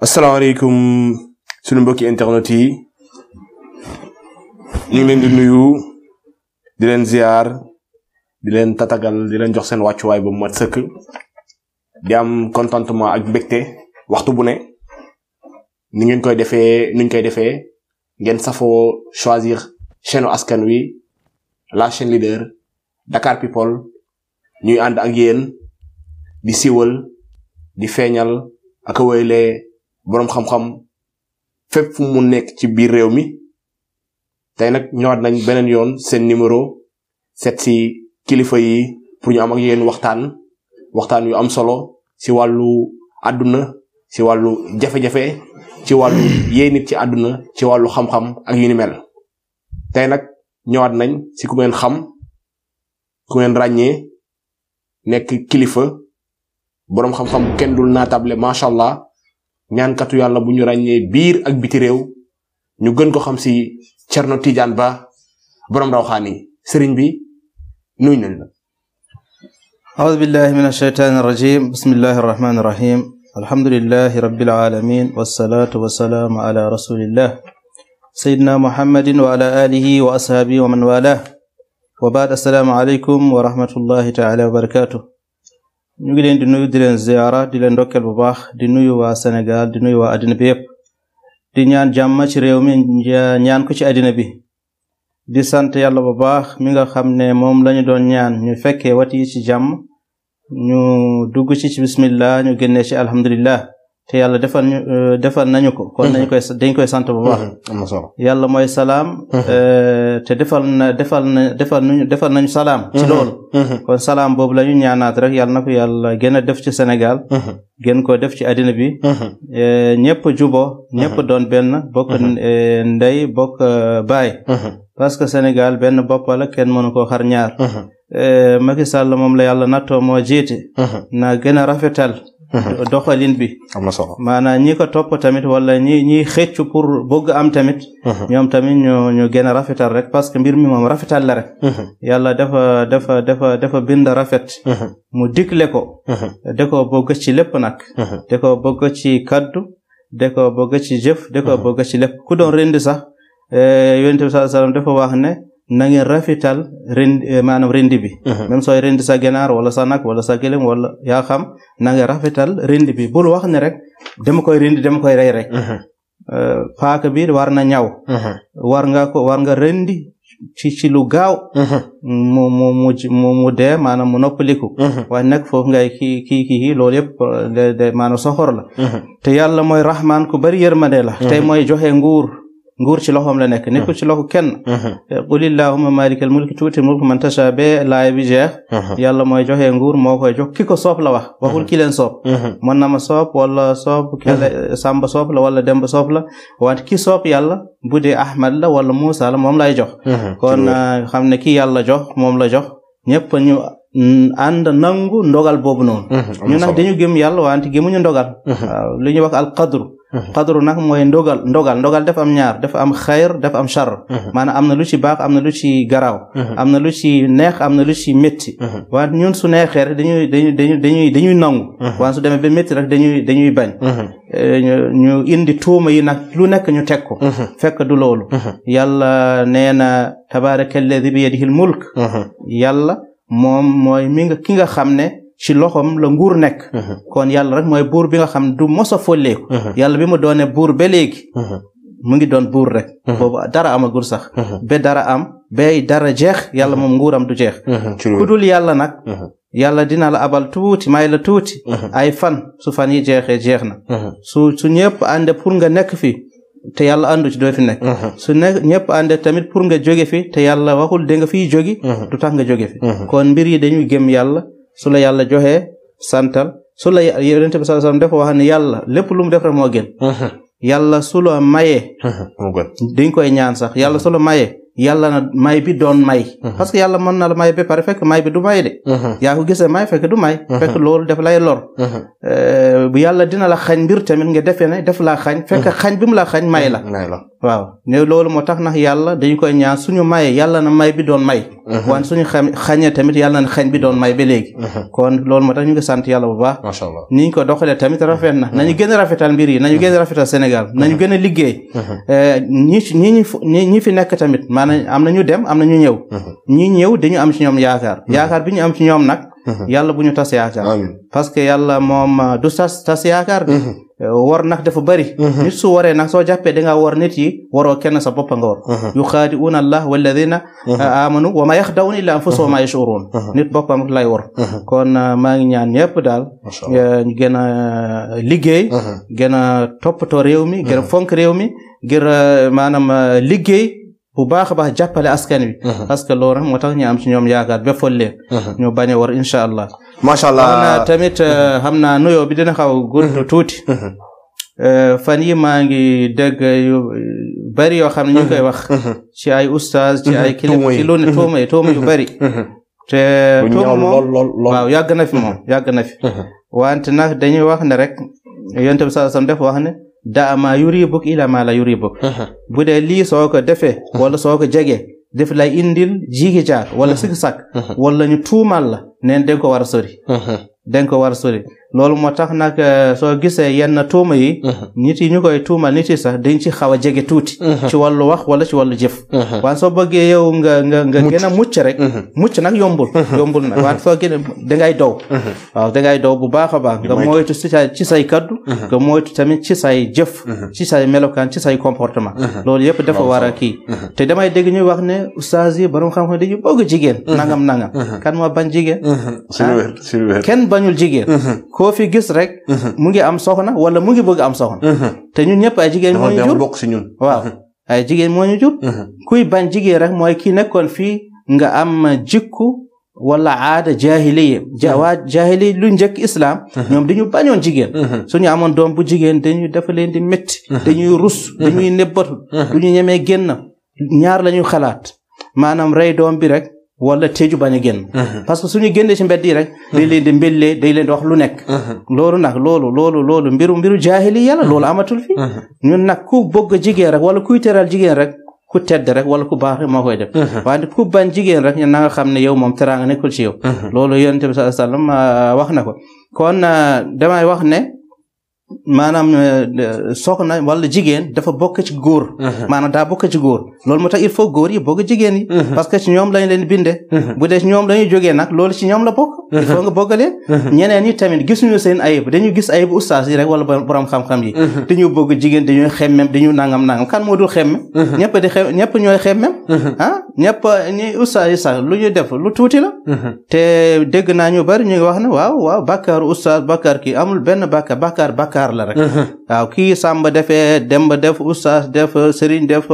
asalaamaaleykum suñu mbokki internet yi ñu ngi leen di nuyu di leen ziar di leen tatagal di leen jox seen wàccuwaay ba mu mat sëkk di am contentement ak mbégte waxtu bu ne ni ngeen koy defee ni ñu koy defee ngeen safo choisir chaîne askan wi la chaîne leader Dakar People ñuy ànd ak yéen di siwal di feeñal ak a wéyalee boroom xam-xam fépp mu nekk ci biir réew mi tey nag ñëwaat nañ beneen yoon seen numéro seet si kilifa yi pour ñu am ak yéen waxtaan waxtaan yu am solo ci wàllu àdduna si wàllu jafe-jafe ci wàllu yéey ci àdduna ci wàllu xam-xam ak yu ni mel tey nag ñëwaat nañ si ku xam ku ngeen ràññee nekk kilifa boroom xam-xam kenn dul naatable macha allah. ñaankatu yàlla bu ñu ràññee biir ak biti réew ñu gën ko xam si Cerno Tijaan Ba borom rawxaani sëriñ bi nuy nañ la أعوذ بالله من الشيطان الرجيم بسم الله الرحمن الرحيم الحمد لله رب العالمين والصلاة والسلام على رسول الله سيدنا محمد وعلى آله وأصحابه ومن والاه وبعد السلام عليكم ورحمة الله تعالى وبركاته ñu ngi leen di nuyu di leen ziyaara di leen ndokkeel bu baax di nuyu waa senegal di nuyu waa addina bi yépp di ñaan jàmm ci réew mi ñaan ko ci àddina bi di sant yàlla bu baax mi nga xam ne moom lañu doon ñaan ñu fekkee wat yi ci jàmm ñu dugg ci ci bismillah ñu génnee ci alhamdulillah te yàlla defal ñu euh, defal nañu ko. kon nañu mm-hmm. koy dañ koy sant bu baax. Mm-hmm. am na solo salaam. Mm-hmm. Euh, te defal na defal na defal nañu salaam. ci loolu. kon salaam boobu la ñu ñaanaat rek yàlla na ko yàlla gën a def ci Sénégal. gën koo def ci àddina bi. Euh, ñëpp juboo ñëpp doon benn bokk ndey bokk baay. parce que Sénégal benn bopp la kenn mënu koo xar ñaar. Macky Sall moom la yàlla nattoo moo jiite. na gën a rafetal. doxalin bi am na solo maanaam ñi ko topp tamit wala ñi ñiy xëccu pour bëgg am tamit mhm. ñoom tamit ñu ñu gën a rafetal rek parce que mbir mi moom rafetal la rek mhm. yàlla dafa dafa dafa dafa bind rafet mhm. mu digle ko da ko bëgg ci lépp nag da ko bëgg ci kaddu da ko bëgg ci jëf da ku doon rendi sax eh, yonent bi sallallahu alayhi dafa wax na ngeen rafetal rend eh, maanaam bi mhm. même sooy rendi sa ganaar wala sa nag wala sa gëlëm wala yaa xam na ngeen rafetal bi bul wax ne rek dama koy rendi dama koy rey rek mhm. eh, paaka bi war na ñaw mhm. war nga ko war nga rendi ci ci lu gaaw mu mu mu mu mu dee maanaam mu noppaliku waaye nag foofu ngay kii kii kii loolu eh, de maanaam soxor la te yàlla mooy raxmaan ku bari yërmande tey mooy joxe nguur nguur ci loxoom la nekk hmm. nekkul ci loxo kenn hmm. qul illahuma malikal mulki tuuti mulk man tasha be laay bi jeex hmm. yàlla mooy joxe nguur moo koy jox ki ko soob la wax waxul ki leen soob mën na ma soob wala soob kele sàmba soob la wala demba soob la wante ki soob yàlla bu dee ahmad la wala muusa la moom lay jox kon ah, xam ne ki yàlla jox moom la jox ñëpp ñu mm, ànd nangu ndogal boobu noonu ñu nag dañu gëm yàlla wante gëmuñu ndogal li ñu wax al qadru xadru mhm. nag mooy ndogal ndogal ndogal dafa am ñaar dafa am xayr dafa am char mhm. maanaam am na lu ci baax am na lu ci garaaw mhm. am na lu ci neex am na lu ci métti waaye ñun su neexee rek dañuy dañuy dañuy dañuy dañuy nangu waaye su demee ba metti rek dañuy dañuy bañ eh, ñu indi tuuma yi nag lu nekk ñu teg ko fekk du loolu yàlla nee na tabaaraka alladi bi yadihi l mulk yàlla moom mooy mi nga ki nga xam ne ci loxoom la nguur nekk uh-huh. kon yàlla rek mooy buur bi nga xam du mos a folleeku uh-huh. yàlla bi mu doone buur ba léegi uh-huh. mu ngi doon buur rek boobu dara amagul sax ba dara am bay dara jeex yàlla moom nguuram du jeex ku dul yàlla nag yàlla dina la abal tuuti may la tuuti ay fan su fan yi jeexee jeex na su su ñëpp ànde pour nga nekk fi te yàlla àndu ci doo fi nekk su nekk ñëpp ànde tamit pour nga jóge fi te yàlla waxul da fiy jógi du tax nga jóge fi kon mbir yi su la yàlla joxee santal su la yonent bi sallallahu alayhi wasallam dafa wax ne yàlla lépp lu mu def rek moo gën yàlla su la mayee dañ koy ñaan sax yàlla su la mayee yàlla na may bi doon may. Mhm. parce que yàlla mën na la may ba bi du may de. Mhm. yaa ko gisee may fekk du may. Mhm. fekk loolu def lay lor. Eh, bu dina la xañ mbir tamit nga defee ne def laa xañ. fekk xañ bi mu la xañ may la. waaw ne loolu moo tax nag yàlla dañu koy ñaan suñu maye yàlla na may bi doon may. wan suñu xam xañee tamit yàlla na xañ bi doon may ba léegi. kon loolu moo tax ñu ngi sant yalla bu baax. macha allah ni ñu ko doxalee tamit rafet na nañu gën a rafetal mbir yi nañu gën a rafetal Sénégal nañu gën a liggéey. Eh, ñi nekk tamit na am na ñu dem am na ñu ñëw mhm. ñi ñëw dañu am ci ñoom yaakaar mhm. yaakaar bi ñu am ci ñoom nag mhm. yàlla bu ñu tas yaakaar parce que moom ah, du tas tas yaakaar bi eh, war nag dafa bari nit su waree nag soo jàppee da ngaa war nit yi waroo kenn sa bopp nga war yuxaadi'uuna allah walladina ah, amanu wa ma yaxda'uun illa anfusahum wa ma yashuruun nit boppam lay war kon ah, maa ngi ñaan ñëpp daal eh, ñu gën a eh, liggéey gën a toppatoo réew mi a fonk réew mi ngir maanaam liggéey bu baax a baax askan wi uh-huh. parce que moo tax ñu ci ñoom yaakaar ba fol leen uh-huh. ñu bañ a war incha allah macha allah xam naa tamit uh, uh-huh. xam naa nuyoo bi dina xaw gudd tuuti uh, fan yi maa ngi dégg yu bari yoo xam ne ñu wax ci ay oustaz ci ay kilifa ci lu ne tuuma yi tuuma yu bari te tuuma moom waaw yàgg na fi moom yàgg na wante nag dañuy wax ne rek yonent bi sallallahu alayhi wax ne da ma yuribuk ila ma la yuribuk bu dee lii soo ko defee wala soo ko jegee def lay indil jiigi jaar wala sikk sàkk wala ñu tuumal la neen danga ko war a sori danga ko war a sori loolu moo tax nag euh, soo gisee yenn tuuma yi uh-huh. nit yi ñu koy tuumal nit yi sax dañ ci xaw a jege tuuti uh-huh. ci wàllu wax wala ci wàllu jëf uh-huh. waaye soo bëggee yow nga nga nga rek mucc nag yombul yombul soo gën a dangay dow waaw dangay dow bu baax a baax nga moytu ci ci say kaddu tamit ci say jëf ci say melokaan ci say comportement loolu yëpp dafa war a kii te damay dégg ñuy wax ne ustaas yi borom xam-xam dañu bëgg jigéen nangam nangam kan moo bañ jigéen ah. kenn bañul jigéen koo fi gis rek. Mhm. mu ngi am soxna wala mu ngi bëgg am soxna. Mhm. te ñun ñëpp ay jigéen moo ñu jur bokk si mhm. ay jigéen moo ñu kuy bañ jigéen rek mooy kii nekkoon fii nga am jikku wala aada jahiliya ja waa jahiliya lu njëkk islaam ñoom dañu bañoon jigéen. suñu amoon doom bu jigéen dañuy dafa leen di métti. dañuy rus dañuy nëbbatu. du ñu ñemee génn ñaar la ñu xalaat maanaam rey doom bi rek. wala teeju bañ a génn. Mhm. parce que suñu génnee ci mbedd rek. day mhm. leen di mbellee day leen di wax nekk. Mhm. loolu nag loolu loolu loolu mbiru mbiru jaahiliya la loolu amatul fi. ñun nag ku bëgg jigéen rek wala kuy teral jigéen rek. ku tedd rek wala ku baax moo koy def waaye ku bañ jigéen rek na nga xam ne yow moom teraanga nekkul ci yow loolu yonent bi sallallahu alayhi ah, wax na ko kon ah, damay wax ne maanaam euh, na wala jigéen dafa bokk ci góor uh-huh. maanaam daa bokk ci góor loolu moo tax il faut góor yi bokk jigéen yi uh-huh. parce que ci ñoom lañ leen binde uh-huh. bu dee ci ñoom la ñuy jógee nag loolu ci ñoom la bokk il faut nga leen ñeneen ñi tamit gisuñu seen ayib dañu gis ayib ustaas yi rek wala borom xam-xam yi dañu bëgg jigéen dañuy xemmem dañu nangam nangam kan moo dul xemmem ñëpp di xem ñëpp ñooy xemmem ah ñëpp ñi ustaas yi sax lu ñu def lu tuuti la te dégg naa ñu bari ñu wax ne waaw waaw amul benn bàkkaar bàkkaar yaakaar la rek uh-huh. waaw kii Samba defee Demba def Oustaz def Serigne def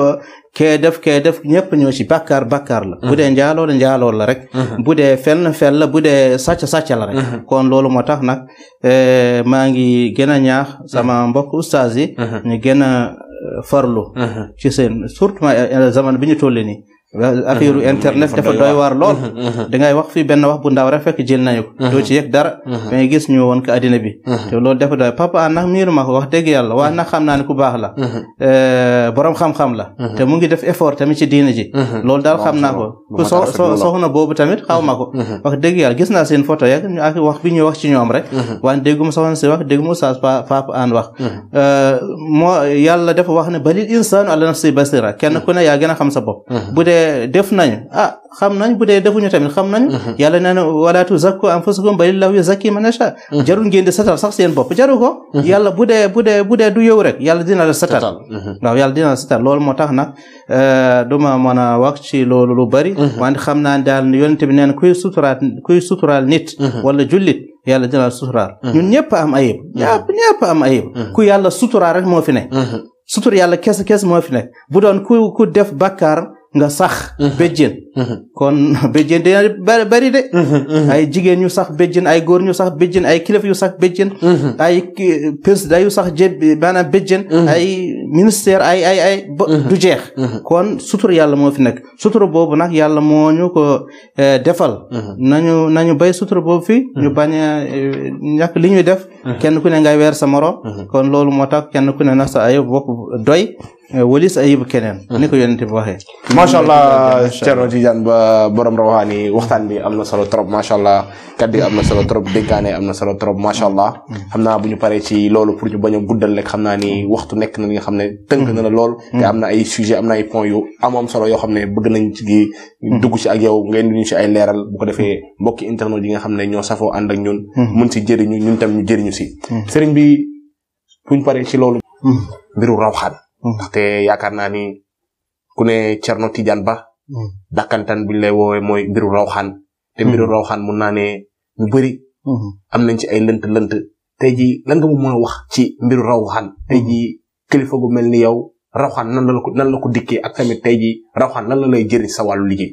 kee def kee def ñëpp ñoo ci bàkkaar bàkkaar la uh-huh. bu dee njaaloo la la rek uh-huh. bu dee fenn fenn la bu dee sàcc sàcc la rek kon loolu moo tax nag eh, maa ngi gën a ñaax sama mbokk Oustaz yi ñu gën a farlu ci seen surtout eh, eh, zaman bi ñu nii affaire internet dafa doy waar lool dangay wax fii benn wax bu ndaw rek fekk jël nañu ko doo ci yëg dara mais gis ñu woon ko addina bi te loolu dafa doy papa nag miiru ma wax dëgg yàlla waaye nag xam naa ne ku baax la eh, borom xam la te mu ngi def effort tamit ci diina ji loolu daal xam naa ko ku so soxna boobu tamit xaw ma ko wax dëgg yàlla gis naa seen photo yeeg ñu wax bi ñuy wax ci ñoom rek waaye dégguma soxna si wax dégguma oustaz papa an wax eh, moo yàlla dafa wax ne balil insaanu ala nafsi basira kenn ku ne yaa gën a xam sa bopp bu dee dee def nañu ah xam nañ bu dee defuñu tamit xam nañu mhm. yàlla nee na wala tuzakku anfusakum balillahu yuzakki man yasha mhm. jarul ngeen di satal sax seen bopp jaru ko mhm. yàlla bu dee bu dee bu dee du yow rek yàlla dina la satal waaw moo tax nag euh, duma mën a wax ci loolu lu bari wante xam naa daal yonent bi nee na kuy suturaal kuy suturaal nit wala jullit yàlla dina la suturaal ñun ñëpp am ayib ñëpp moo fi ne sutur yàlla kes kes moo fi def bakkaar nga sax mhm. béjjén mhm. kon béjjén dina bari bari de mhm. ay jigéen ñu sax béjjén ay góor ñu sax béjjén ay kilifa yu sax béjjén ay président yu sax jé maanaam béjjén ay ministère ay ay ay du jeex kon sutur yàlla moo fi nekk sutur boobu nag yàlla moo ñu ko eh, defal nañu nañu bay sutur boobu fi ñu bañ a eh, ñàkk li ñuy def kenn ku ne ngay weer sa moro kon loolu moo tax kenn ku ne nag sa ay bokk doy Eh, walis ayib keneen. Hmm. ni ko yonent bi waxee. macha allah Thierno Tidiane ba borom rawaani waxtaan bi am na solo trop macha allah kaddu am na solo trop dénkaane am na solo trop macha allah. Hmm. xam naa bu ñu paree ci loolu pour ñu bañ guddal rek xam naa ni hmm. waxtu nekk na li nga xam ne tënk na la lool. te am na ay sujet am na ay points yu amoon solo yoo xam ne bëgg nañ ci dugg ci ak yow ngeen di ñu ci ay leeral bu ko defee mbokki internet yi nga xam ne ñoo safoo ànd ak ñun. mun si jëriñu ñun tam ñu jëriñu si. sëriñ bi bu ñu paree ci loolu. mbiru Mm. ndaxte yaakaar naa ni ku ne Cerno Tidiane Ba. Mm. dàkkantaan bi ñu lay woowee mooy mbiru rawxaan. te mm. mbiru rawxaan mun naa ne ñu bëri. am nañ ci ay lënt lënt. tey jii wax ci mbiru rawxaan. kilifa gu mel ni yow ko nan dikkee ak tamit tey jii rawxaan lan la lay jëriñ sa wàllu liggéey.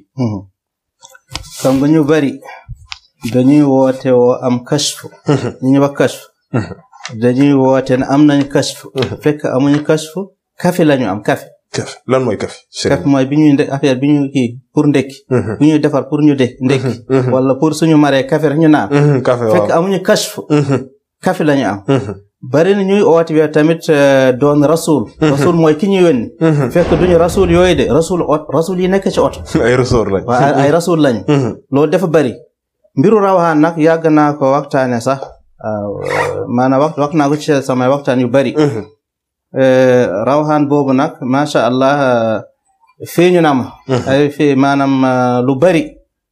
xam nga ñu bari dañuy woote am kasfu. Mm-hmm. ñu mm-hmm. dañuy woote ne am nañ kasfu. Mm-hmm. fekk amuñu kasfu. café la ñu am café. café lan mooy café. café mooy bi ñuy affaire bi ñu kii pour ndekki. Mm-hmm. bu ñuy defar pour ñu de mm-hmm. ndekki. Mm-hmm. wala pour suñu maree café rek ñu naan. café waaw fekk amuñu kashf. café la ñu am. bari na ñuy oote bi tamit euh, doon rasul. rasul mooy ki ñu yónni. fekk duñu rasul yooyu de rasul ot rasul yi nekk ci ot. ay rasul lañ waaw ay rasul lañ. loolu dafa bari. mbiru rawaxaan nag yàgg naa ko waxtaane sax maanaam wax wax naa ko ci waxtaan yu bari. Euh, rawxaan boobu nag macha allah euh, feeñu na mhm. ay fi maanaam euh, lu bari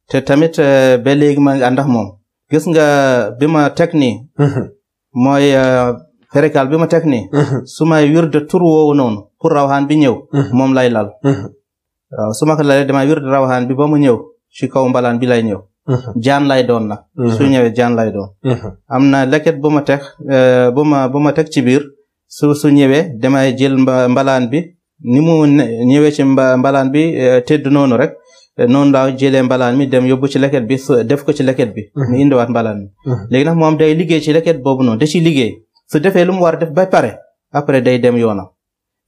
te tamit ba léegi ma ngi ànd ak moom gis nga bi ma teg nii. Mhm. mooy perikal bi ma teg nii. Mhm. su ma wirde tur woowu noonu pour rawxaan bi ñëw. moom lay lal. waaw su ma ko lalee dama wirde rawaan bi ba mu ñëw ci kaw mbalaan bi lay ñëw. jaan lay doon nag. su ñëwee jaan lay doon. am na leket bu ma teg bu ma bu teg ci biir. su su ñëwee damay jël mbalaan bi ni mu ñëwee ci mbalaan bi e, tëdd noonu rek e, noonu laa jëlee mbalaan mi dem yóbbu ci leket bi def ko ci leket bi mhm. mu indiwaat mbalaan mi mhm. léegi nag moom day liggéey ci leket boobu noonu da ci liggéey su defee lu mu war a def ba pare après day dem yoona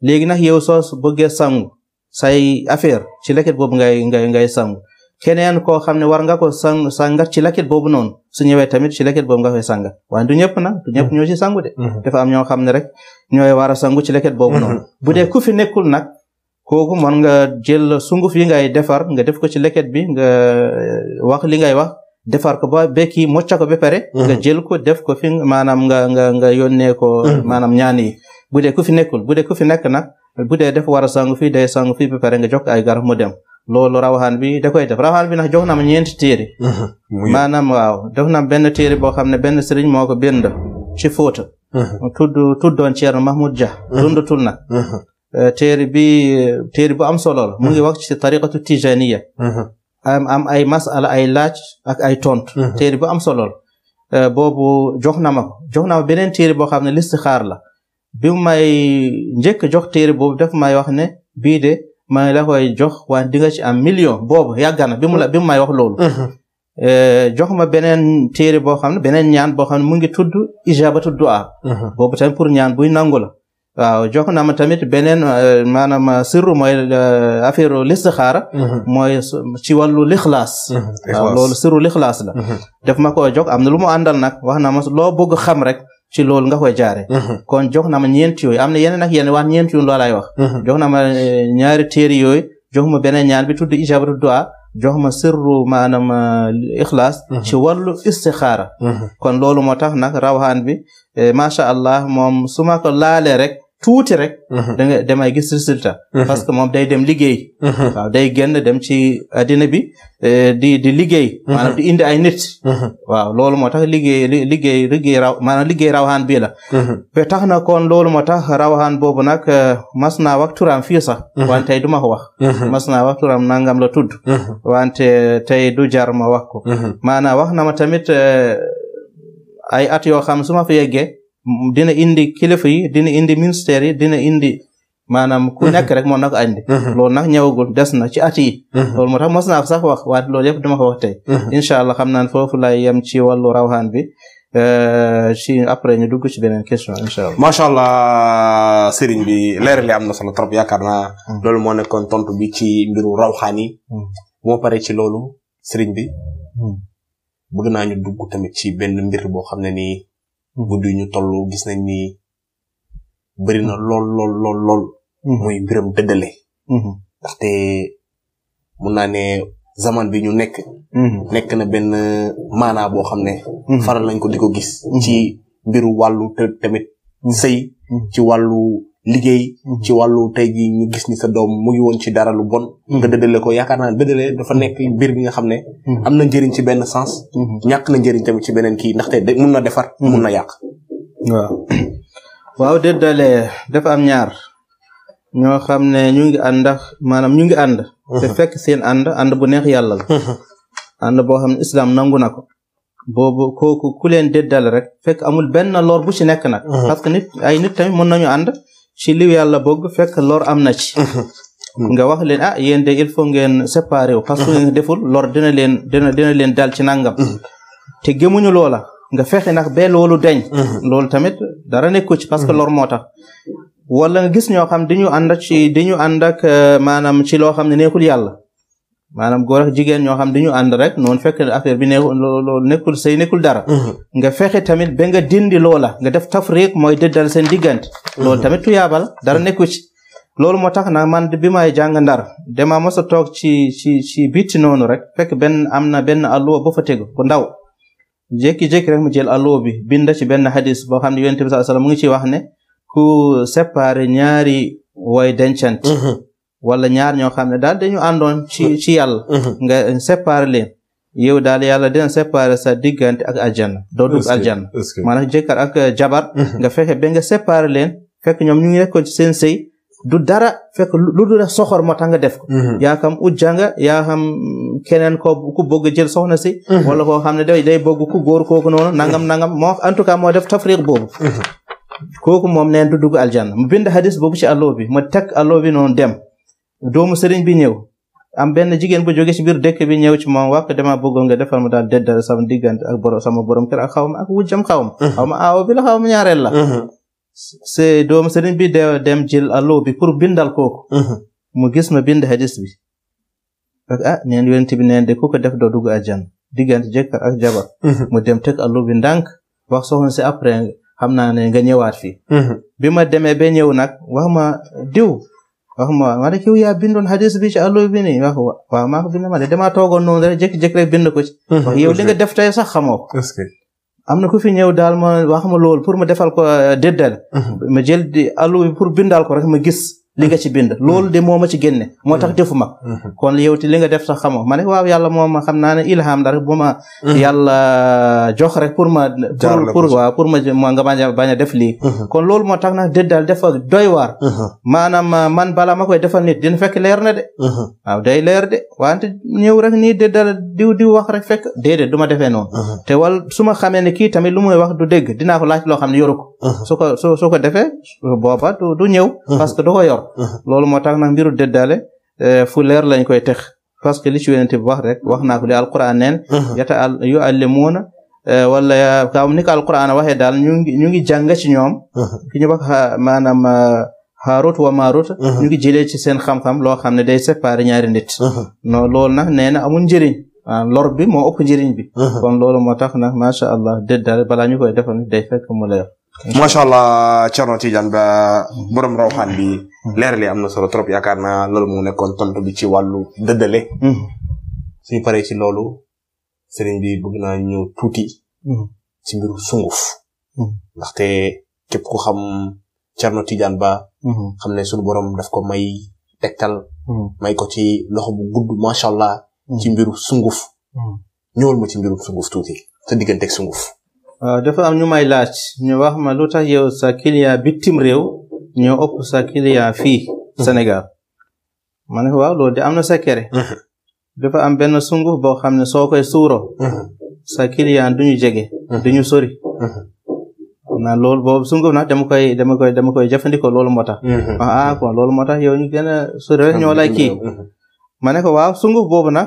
léegi nag yow soo bëggee sangu say affaire ci leket boobu ngay ngay ngay sangu keneen koo xam ne war nga ko sang sangat ci laket boobu noonu su ñëwee tamit ci laket boobu nga koy sangat waaye du ñëpp nag du ñëpp ñoo ci sangu de mm-hmm. dafa am ñoo xam ne rek ñooy war a sangu ci laket boobu noonu mm-hmm. bu dee ku fi nekkul nag kooku mën nga jël sunguf yi ngay defar nga def ko ci laket bi nga euh, wax li ngay wax defar ko ba bekki mocca ko ba pare mm-hmm. nga jël ko def ko fi maanaam nga nga nga yónnee ko maanaam ñaan yi bu dee ku fi nekkul bu dee ku fi nekk nag bu dee def war a sangu fii day sangu fii ba pare nga jokk ay garab mu dem loolu rawaxaan bi da koy def rawaxaan bi nag jox na ma ñeenti téere uh-huh. maanaam waaw jox na benn téere boo xam ne benn sëriñ mooko ko bind ci Fuuta uh-huh. tudd tuddoon Ceerno Mahmoud Dia uh-huh. dundatul na uh, téere bi téere bu am solo la mu ngi wax ci tariqatu tijaniya am am ay masala ay laaj ak ay tont téere bu am solo la uh, boobu jox na ma jox na beneen téere boo xam ne listixaar la bi may njëkk jox téere boobu daf may wax ne bii de maa ngi la koy jox waaye di ci am million boobu yàgg na may wax loolu. Uh-huh. Eh, jox ma beneen téere boo xam ne beneen ñaan boo xam ne mu ngi tudd ijabatu du'a. Uh-huh. boobu tamit pour ñaan buy nangu la. waaw jox na ma tamit beneen eh, maanaam eh, sirru mooy affaire listixaara. Uh-huh. mooy ci wàllu lixlaas. waaw loolu sirru lixlaas la. daf ma ko jox am na lu mu àndal wax na loo bëgg xam rek. ci loolu nga koy jaare mhm. kon jox na ma ñeent yooyu am na yeneen ak yeneen waat ñeent yu loolay wax mhm. jox na ma eh, ñaari téeri yooyu jox ma beneen ñaan bi tudd ijabatu du'a jox ma sirru maanaam eh, ixlaas mhm. ci wàllu istixaara kon loolu moo tax nag rawaxaan bi eh, macha allah moom su ma ko laalee rek tuuti rek. Mhm. da nga dem ay gis résultat. Mhm. parce que moom day dem liggéey. Mhm. waaw day génn dem ci bi eh, di di liggéey. maanaam di indi ay nit. waaw loolu moo tax liggéey liggéey liggéey raw maanaam liggéey rawaxaan bii la. ba tax na kon loolu moo tax rawaxaan boobu nag eh, mas naa wax turam fii sax. wante du ma wax. mas naa wax turam nangam la tudd. wante tey du jar ma wax ko. maanaam wax na ma tamit eh, ay at yoo xam su ma fi yeggee. dina indi kilifa yi dina indi ministère yi dina indi maanaam ku nekk uh-huh. rek moo na ko andi uh-huh. loolu nag ñëwagul des na ci at yi uh-huh. loolu moo tax mos naa sax wax waaye loolu yëpp dama ko wax tey incha allah xam naan foofu lay yem ci wàllu rawxaan bi euh, ci après ñu dugg ci beneen question incha allah macha bi leer li am na solo trop yaakaar na hmm. loolu moo nekkoon tontu bi ci mbiru rawxaan yi moo hmm. ci loolu sëriñ bi hmm. bëgg naa ñu dugg tamit ci benn mbir boo xam ne nii guddi ñu toll gis nañ ni bëri na lool lool lool lool. Mhm. muy mbiram dëddale. Mhm. ndaxte mun naa ne zaman bi ñu nekk. Mhm. nekk na benn maanaa boo xam ne. faral nañ ko di ko gis. ci mbiru wàllu tamit sëy ci wàllu. liggéey mhm. ci wàllu tey ji gis ni sa doom mu ngi woon ci dara lu bon mhm. nga dëddale ko yaakaar naa dëddale dafa nekk mhm. mbir bi nga xam ne am na njëriñ ci benn sens ñàkk na njëriñ tamit ci beneen kii ndaxte mun na defar mun na yàq waaw waaw dëddale def am ñaar ñoo xam ne ñu ngi ànd ndax maanaam ñu ngi ànd te fekk seen ànd ànd bu neex yàlla la boo xam ne islam nangu na ko boobu kooku ku leen dëddale rek fekk amul benn lor bu ci nekk nag parce ay nit tamit mën nañu ànd ci liw yàlla bëgg fekk lor am na ci nga wax leen ah yéen de il faut ngeen séparé wu parce que deful lor dina leen dina dina leen dal ci nangam mm-hmm. te gëmuñu loola nga fexe nag ba loolu deñ mm-hmm. loolu tamit dara nekku ci parce que mm-hmm. lor moo tax wala nga gis ñoo xam dañu ànd ak ci dañu ànd ak euh, maanaam ci loo xam ne nekkul yàlla maanaam góor ak jigéen ñoo xam dañu ànd rek noonu fekk affaire bi nekkul loolu nekkul say nekkul dara. Mm-hmm. nga fexe tamit be nga dindi loola nga def tafriq mooy dëddal seen diggante. Mm-hmm. loolu tamit tuyaabal dara mm-hmm. nekku ci. loolu moo tax nag man bi may jàng ndar dama mos toog ci ci ci bitti noonu rek fekk benn am na benn alluwa boo fa tegu bu ndaw. jékki-jékki rek mu jël alluwa bi binda ci benn hadis boo xam ne yonent bi sallallahu alayhi mu ngi ciy wax ne ku séparé ñaari way dencant. wala ñaar ñoo xam ne daal dañu àndoon ci ci yàlla mhm. nga séparé leen yow daal yàlla dina séparé sa diggante ak aljanna doo dugg aljanna maanaam jëkkër ak euh, jabar mhm. nga fexe be nga séparé leen fekk ñoom ñu ngi nekkoon ci seen sëy du dara fekk lu du dul soxor moo tax nga def ko mhm. yaa xam ujja yaa xam keneen ko ku bëgg jël soxna si wala koo xam ne day day bëgg ku góor kooku noonu nangam nangam moo en tout cas moo def tafriq boobu kooku moom neen du dugg aljanna mu bind hadis boobu ci allo bi ma teg allo bi noonu dem doomu sëriñ bi ñëw am benn jigéen bu jóge ci biir dëkk bi ñëw ci moom wax demaa dama bëggoon nga defal ma daal deddal sama diggante ak borom sama borom kër ak xawma ak wujjam xawma uh-huh. xawma aaw bi la xawma ñaareel la uh-huh. se doomu sëriñ bi de dem jël allo bi pour bindal kooku uh-huh. mu gis ma bind hadis bi ak ah neen yonent bi neen de ku ko def doo dugg àjjan diggante jëkkër ak jabar mu dem teg allo bi ndànk wax soxna si après xam naa ne nga ñëwaat fii bi ma demee ba ñëw nag wax ma wahma waɗa kiwiya bindon hadis mbi allah bini a wawmako bindamade dema togon noon ndere jek jekki rek bind ko ci yewde nga deftere sax xamoo ko am na ku fi ñëw daal ma wax ma loolu pour ma defal ko euh, déddale ma jël allubi pour bindal ko rek ma gis li nga ci bind loolu de moo ma ci génne moo tax mm-hmm. defu ma mm-hmm. kon yow ti li nga def sax xamoo ma ne waaw yàlla moo ma xam naa ne ilham dara ma mm-hmm. yàlla jox rek pour ma pour pour waaw pour ma nga bañ bañ a def lii kon loolu moo tax na dëdd def dafa doy waar maanaam man bala ma koy defal nit dina fekk leer na de waaw day leer de wante ñëw rek ni dëdd daal diw diw wax rek fekk déedéet du ma defee noonu te wal su ma xamee ne kii tamit lu muy wax du dégg dinaa ko laaj loo xam ne yoru ko su ko su ko defee booba du ñëw parce que du daw loolu moo tax nag mbiru déddaale eh, fu leer lañ koy tex parce que li ci yonente bi wax rek wax naa ko li alquran neen yata al yu allimuuna eh, wala kam ni ko alquran waxee daal ñu ngi ñu ngi jàng ci ñoom ki ñu wax ah, maanaam ah, Haarut wa Maarut ñu ngi jëlee ci seen xam-xam loo xam ne day séparé ñaari nit non loolu nag nee na amul njëriñ waaw ah, lor bi moo ëpp njëriñ bi kon loolu moo tax na macha allah déddaale balaa ñu koy defal day fekk mu leer macha allah Thierno Tidiane ba borom rawxaan bi leer li am na solo trop yaakaar naa loolu moo nekkoon tontu bi ci wàllu dëddale. Hmm. suñu paree ci loolu sëriñ bi bëgg naa ñëw tuuti. Hmm. ci mbiru sunguf. Hmm. ndaxte képp ku xam Thierno Tidiane ba. xam ne suñu borom daf ko may tegtal. may ko ci loxo bu gudd macha allah. ci mbiru sunguf. ñëwal ma ci mbiru sunguf tuuti te digganteeg sunguf. waaw ah, dafa am ñu may laaj ñu wax ma lu tax yow sa client bitim réew ñoo ëpp sa client fii Sénégal ma ne waaw loolu de am na secret mhm. dafa am benn sunguf boo xam ne soo koy suuro mhm. sa client duñu jege mhm. duñu sori na loolu boobu sunguf nag dama koy dama koy dama koy jëfandikoo loolu moo tax ah, ah moo tax yow ñu gën a sori rek ñoo lay kii ma ne ko waaw sunguf boobu nag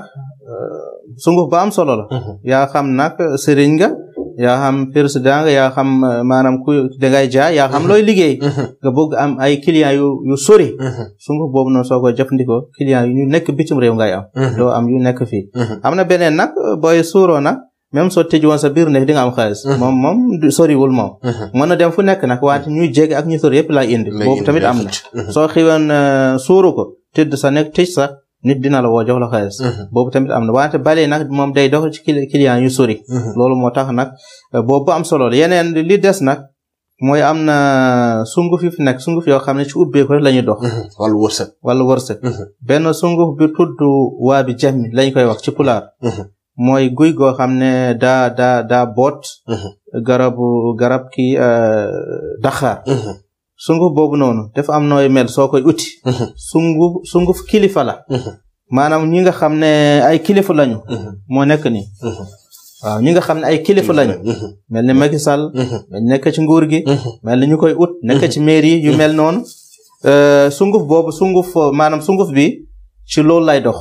ah, sunguf ba am solo la yaa xam nag sëriñ nga yaa xam président yaa xam eh, maanaam ku dangay jaay yaa xam looy liggéey uh-huh. nga bëgg am ay clients yu yu sori uh-huh. sungu boobu noonu soo ko jëfandikoo clients yu nekk bitim réew ngay am uh-huh. doo am yu nekk fii am na beneen nag booy suuroo nag même soo tëj woon sa biir nekk dinga am xaalis moom moom soriwul moom mën na dem fu nekk nag waante ñuy jege ak ñu sori yëpp lay indi boobu tamit am na so xiwoon eh, suuru ko sa nekk tëj sax nit dina la woo jox la mhm. boobu tamit am na waate bale nag moom day dox ci client yu sori mhm. loolu moo tax nag euh, boobu am solo yeneen li des nag mooy am na sunguf yu fi nekk sunguf yoo xam ne ci ubbeeku rek la ñuy dox mhm. wàllu wërsëg wàllu wërsëg benn sunguf bi tudd waa bi jami lañ koy wax ci pulaar mooy guy goo xam ne daa daa daa boot garabu garab ki euh, daxaar sunguf boobu noonu dafa am nooy mel soo koy uti. Mhm. sunguf sunguf kilifa la. Mhm. maanaam ñi nga xam ne ay kilifa lañu. Mhm. moo nekk nii. waaw ñi nga xam ne ay kilifa lañu. mel ni Macky Sall. nekk ci nguur gi. mel ni ñu koy ut nekk ci mairie yu mel noonu. Euh, sunguf boobu sunguf maanaam sunguf bi ci loolu lay dox.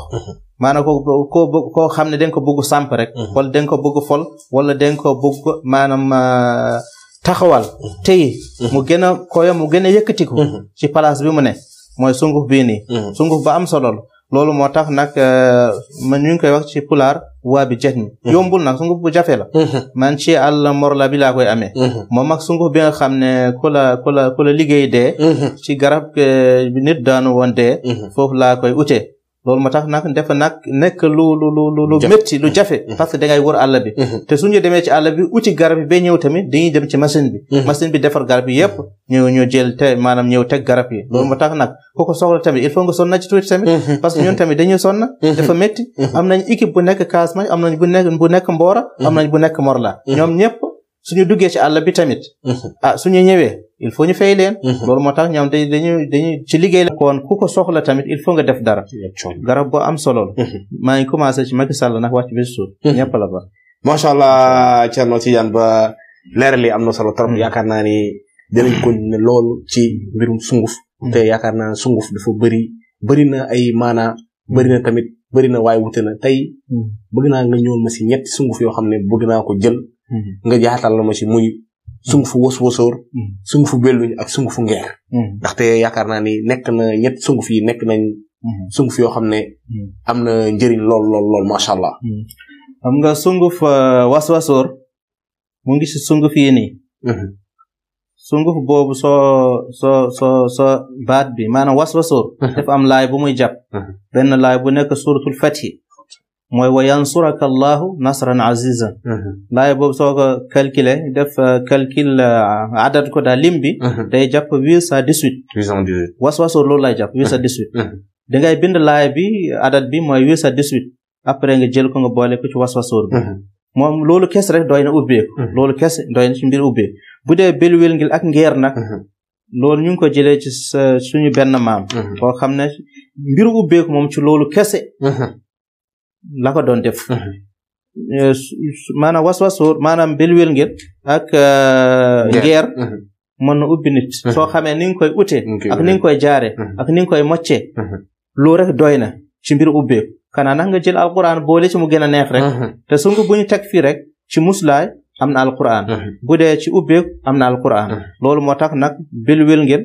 maanaam ko koo xam ne da ko bëgg samp rek. wala da ko bëgg fol wala da nga ko maanaam. Euh, taxawal mm-hmm. tey mm-hmm. mu gën a koyo mu gën a yëkkatiku mm-hmm. ci place bi mu ne mooy sunguf bii nii sunguf ba am solo loolu moo tax nag euh, man ñu ngi koy wax ci pulaar waa bi jet mi yombul nag sunguf bu jafe la man ci àll morla bi laa koy amee moom mag sunguf bi nga xam ne ku la liggéey dee ci garab euh, nit daanu woon dee foofu laa koy utee loolu ma tax nag dafa nag nekk lu lu lu lu métti lu jafe mm-hmm. Mm-hmm. parce que da ngay wër àll bi mm-hmm. te suñu demee ci àll bi uti garab be ba ñëw tamit dañuy dem ci machine bi machine bi defar garab yi yëpp ñëw ñu jël te maanaam ñëw teg garab yi loolu ma tax nag ku ko soxla tamit il faut nga sonna ci tuuti tamit parce que ñun tamit dañuy sonna dafa métti am nañ équipe bu nekk Casamance am nañ bu nekk bu nekk Mboro am nañ bu nekk Morla ñoom ñëpp suñu duggee ci àll bi tamit su mhm. ah, suñu ñëwee il faut ñu fay leen mhm. loolu moo tax ñoom dañu dañu dañu ci liggéey la kon ku ko soxla tamit il faut nga def dara garab boo am solo mhm. maa ngi commencé ci Macky Sall nag wàcc ba suuf ñëpp la ba macha allah Thierno Tidiane Ba leeral li am na solo trop yaakaar naa ni dinañ ko ne lool ci mbirum sunguf te yaakaar naa sunguf dafa bëri bëri na ay maanaa bëri na tamit bëri na waaye wute na tey bëgg naa nga ñëwoon ma si ñetti sunguf yoo xam ne bëgg naa ko jël Mm-hmm. nga jaaxatal la ma ci muy sungufu wës wësoor mm-hmm. sungufu belluñu ak sungufu ngeer mm-hmm. ndaxte yaakaar naa ni nekk na ñett sunguf yi nekk na sunguf yoo xam ne am na njëriñ lool lool lool allah xam nga sunguf uh, was wasoor mu ngi si sunguf yi nii sunguf boobu soo so so soo baat bi maanaam was wasoor am laay bu muy jàpp benn laay bu nekk suratul fathi mooy wa yansuraka allahu nasran azizan laay uh-huh. boobu soo ko calculer def uh, calcul uh, adat ko daa bi uh-huh. day jàpp huit cent dix-huit waswasu loolu lay jàpp uh-huh. huit cent dix-huit da ngay bind laay bi adat bi mooy huit cent dix-huit après nga jël ko nga boole ko ci waswasoor bi moom loolu kes rek doy na ubbeeku loolu kes doy na ci mbir ubbeeku bu dee belwel ngil ak ngeer nag loolu ñu ngi ko jëlee ci suñu benn maam koo xam ne mbir ubbeeku moom ci loolu kese la ko doon def mhm. eh, maanaam waswasu maanaam belwel ngel ak eh, ngeer mhm. mën na ubbi nit mhm. soo xamee ni koy utee ak ni nga koy jaare ak ni koy moccee loolu rek doy na ci mbir ubbeeku xanaa nag nga jël alquran boole ci mu gën a neex rek te sungu bu ñu teg fii rek ci muslaay am na alquran bu dee ci ubbeeku am na alquran loolu moo tax nag belwel ngel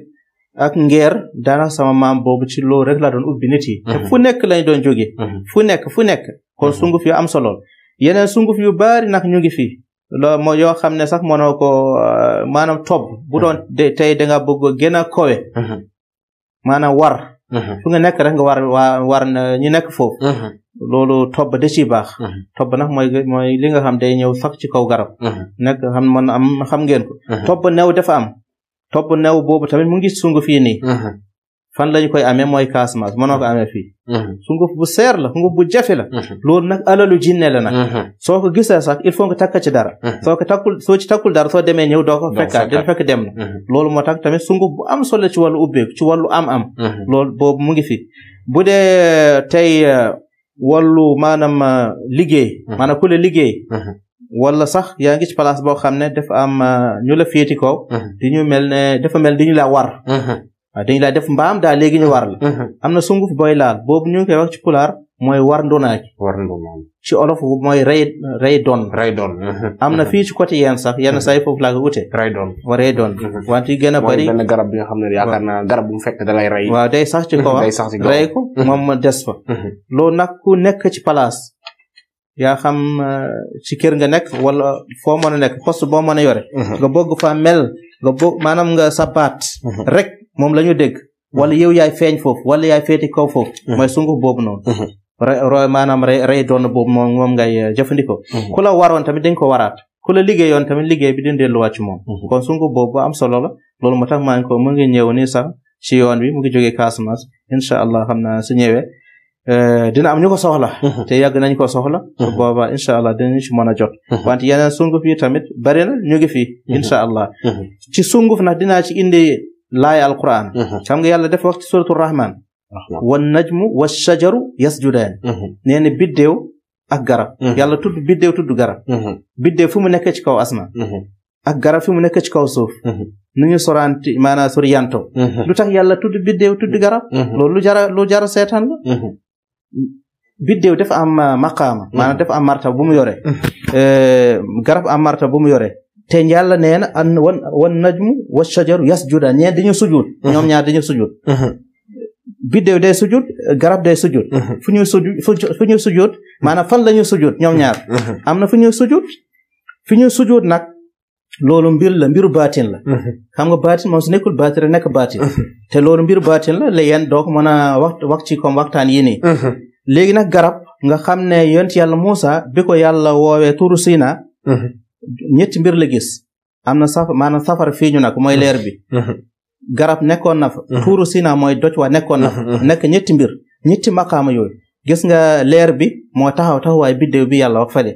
ak ngeer daanaka sama maam boobu ci loolu rek la doon ubbi nit yi te mhm. fu nekk lañ doon jóge mhm. fu nekk fu nekk kon mhm. sunguf yu am solo yeneen sunguf yu baari nag ñu ngi fi loolu moo yoo xam ne sax mono ko euh, maanaam tobb bu doon tey da nga bëgg gën a kowe maanaam war fu nga nekk rek nga war waa war na ñu nekk foofu loolu tobb da ciy baax tobb nag mooy mooy xam ci kaw garab ngeen ko tobb new am topp new boobu tamit mu ngi sunguf yi nii fan lañu koy amee mooy Casamance mënoo ko amee fii sunguf bu seer la sunguf bu jafe la loolu nag alalu jinne la nag soo ko gisee sax il faut nga takk ci dara soo ko takkul soo ci takkul dara soo demee ñëw doo ko fekkaat dina fekk dem loolu moo tax tamit sunguf bu am solo ci wàllu ubbeeku ci wàllu am am loolu boobu mu ngi fi bu dee tey euh, wàllu maanaam euh, liggéey maanaam ku liggéey wala sax yaa ngi ci boo xam ne dafa am euh, ñu la féeti kaw mhm. di ñu mel ne dafa mel dañu laa war mhm. waaw dañu laa def mbaam daal léegi ñu war la mhm. am na sunguf boy laal boobu ñu ngi koy wax ci pulaar mooy war ndunaaki ci olof mooy rey rey doon rey doon am na fii ci côté yenn sax yenn saa yi foofu laa ko ute rey doon wa rey doon wante gën a bëri benn garab bi nga xam garab bu fekk da lay rey waaw day sax ko moom des fa loolu nag ku nekk ci place yaa xam euh, ci kër nga nekk wala foo mën a nekk poste boo mën a yore uh-huh. nga bëgg fa mel nga bëgg maanaam nga sapaat uh-huh. rek moom lañu ñu dégg uh-huh. wala yow yaay feeñ foofu wala yaay feeti kaw foofu mooy sunguf boobu noonu roy maanaam rey rey doon boobu moom moom ngay euh, jëfandikoo ku la waroon tamit dañ ko waraat ku la liggéeyoon tamit liggéey bi dina delluwaat ci moom kon sunguf boobu am solo la loolu moo tax maa ngi ko mu ngi ñëw nii sax ci yoon bi mu ngi jógee Casamance incha allah xam naa su ñëwee Eh, dina am ñu ko soxla te yàgg nañ ko soxla booba incha allah dinañ ci mën a jot wante yeneen sunguf yi tamit bari na ñu ngi fii incha allah ci sunguf na dinaa ci indi laay alquran xam nga yàlla dafa wax ci suratu rahman wan najmu wa shajaru yasjudaan mhm. nee na biddéew ak garab mhm. yàlla tudd biddéew tudd garab mhm. biddéew fi mu nekk ci kaw asma ak garab fi mu nekk ci kaw suuf nu ñu soraanti maanaam soriyanto lu tax yàlla tudd biddéew tudd garab loolu jara seetaan biddéew dafa am euh, maqaama hmm. maanaam dafa am martaba bu mu yore hmm. euh, garab am martaba bu mu yore te yàlla nee na an wan wan najmu wa shajaru yasjudan ñeen dañu sujud hmm. ñoom ñaar dañu sujud biddéew day sujud garab day sujud fu ñuy sujud fu ñuy sujud maanaam fan la ñuy sujud ñoom ñaar am na fu ñuy sujud fi ñuy sujud nag loolu mbir la mbiru baatin la mhm. xam nga baatin moom su nekkul baatin nekk baatin mhm. te loolu mbiru baatin la la yéen doo ko mën a wax wax ci comme waxtaan yi nii mhm. léegi nag garab nga xam ne yont yàlla Muusa bi ko yàlla woowee turu Sina ñetti mbir la gis am na saf maanaam safar fii nag mooy leer bi garab nekkoon na fa tuuru Sina mooy doj wa nekkoon na fa nekk ñetti mbir ñetti maqaama yooy gis nga leer bi moo taxaw taxawaay biddew bi yàlla wax fale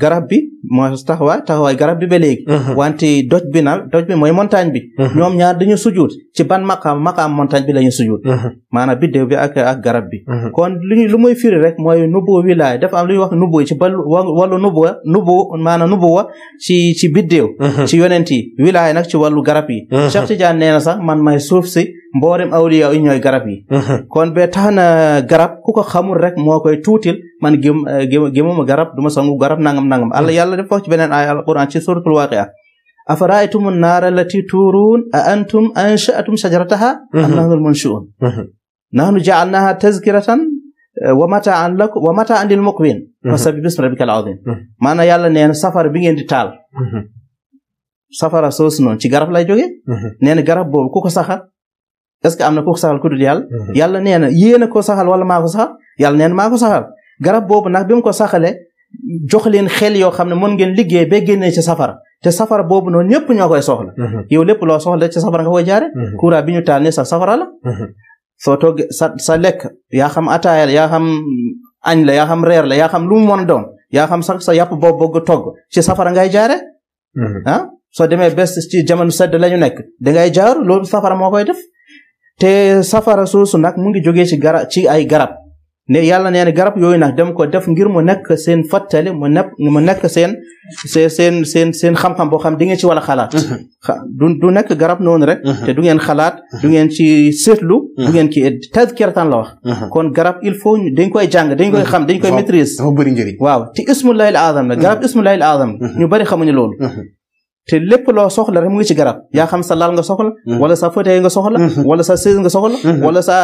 garab bi mooy taxawaay taxawaay garab bi ba léegi uh-huh. wante doj bi na doj bi mooy montagne bi uh-huh. ñoom ñaar dañu sujuut ci ban maqaam maqaam montagne bi la ñu sujuut uh-huh. maanaam biddéew bi ak ak garab bi kon luñu lu muy firi rek mooy nubu wilaay dafa am lu ñuy wax nubu ci bal wàllu nubu nubu maanaam nubu wa ci ci biddéew ci yonent yi wilaay nag ci wallu garab yi Cheikh Tidiane nee na man may suuf si mboolem awliya yi ñooy garab yi kon ba tax na garab ku ko xamul rek moo koy tuutil man gém gém gémuma garab duma sangu garab nangam dafa wax ci beneen aaya alquran ci suratul waaqia afara'aytumu naara allati tuuruun a antum ansha'tum shajarataha am nahnu almunshi'un nahnu ja'alnaha tazkiratan wa mataan lakum wa mataan lil muqwin fasabbih bismi rabbikal azim maanaam yàlla neen safar bi ngeen di taal safara soosu noonu ci garab lay jóge nee na garab boobu ku ko saxal est am na ku ko saxal ku dul yàlla yàlla nee na a ko saxal wala maa ko garab boobu nag bi ko saxalee jox leen xel yoo xam ne mën ngeen liggéey be génnee ci safara te safara boobu noonu yëpp ñoo koy soxla mhm. yow lépp loo soxla ci safara nga koy jaare mhm. courant bi ñu taal sa safara mhm. soo toog sa sa lekk yaa xam ataaya yaa xam añ la yaa xam reer la yaa xam lu mën doon yaa xam sax sa yàpp boobu bëgg togg ci safara ngay jaare ah, soo demee bés ci jamono sedd la ñu nekk dangay jaar loolu safara moo koy def te safara suusu nag mu ngi jógee ci gara ci ay garab ne yàlla nee na garab yooyu nag dem ko def ngir mu nekk seen fattali mu nekk seen seen seen seen xam-xam boo xam di ngeen ci wala xalaat mhm. du du nekk garab noonu rek mhm. te du ngeen xalaat du ngeen ci seetlu mhm. du ngeen ci tazkiratan la wax kon garab il faut dañ koy jàng dañ koy xam dañ koy maîtrise dafa bëri njëriñ waaw te ismullahil azam la garab ismullahil azam ñu bëri xamuñu loolu te lépp loo soxla rek mu ngi ci garab yaa xam sa laal nga soxla wala sa fauteuil nga soxla wala sa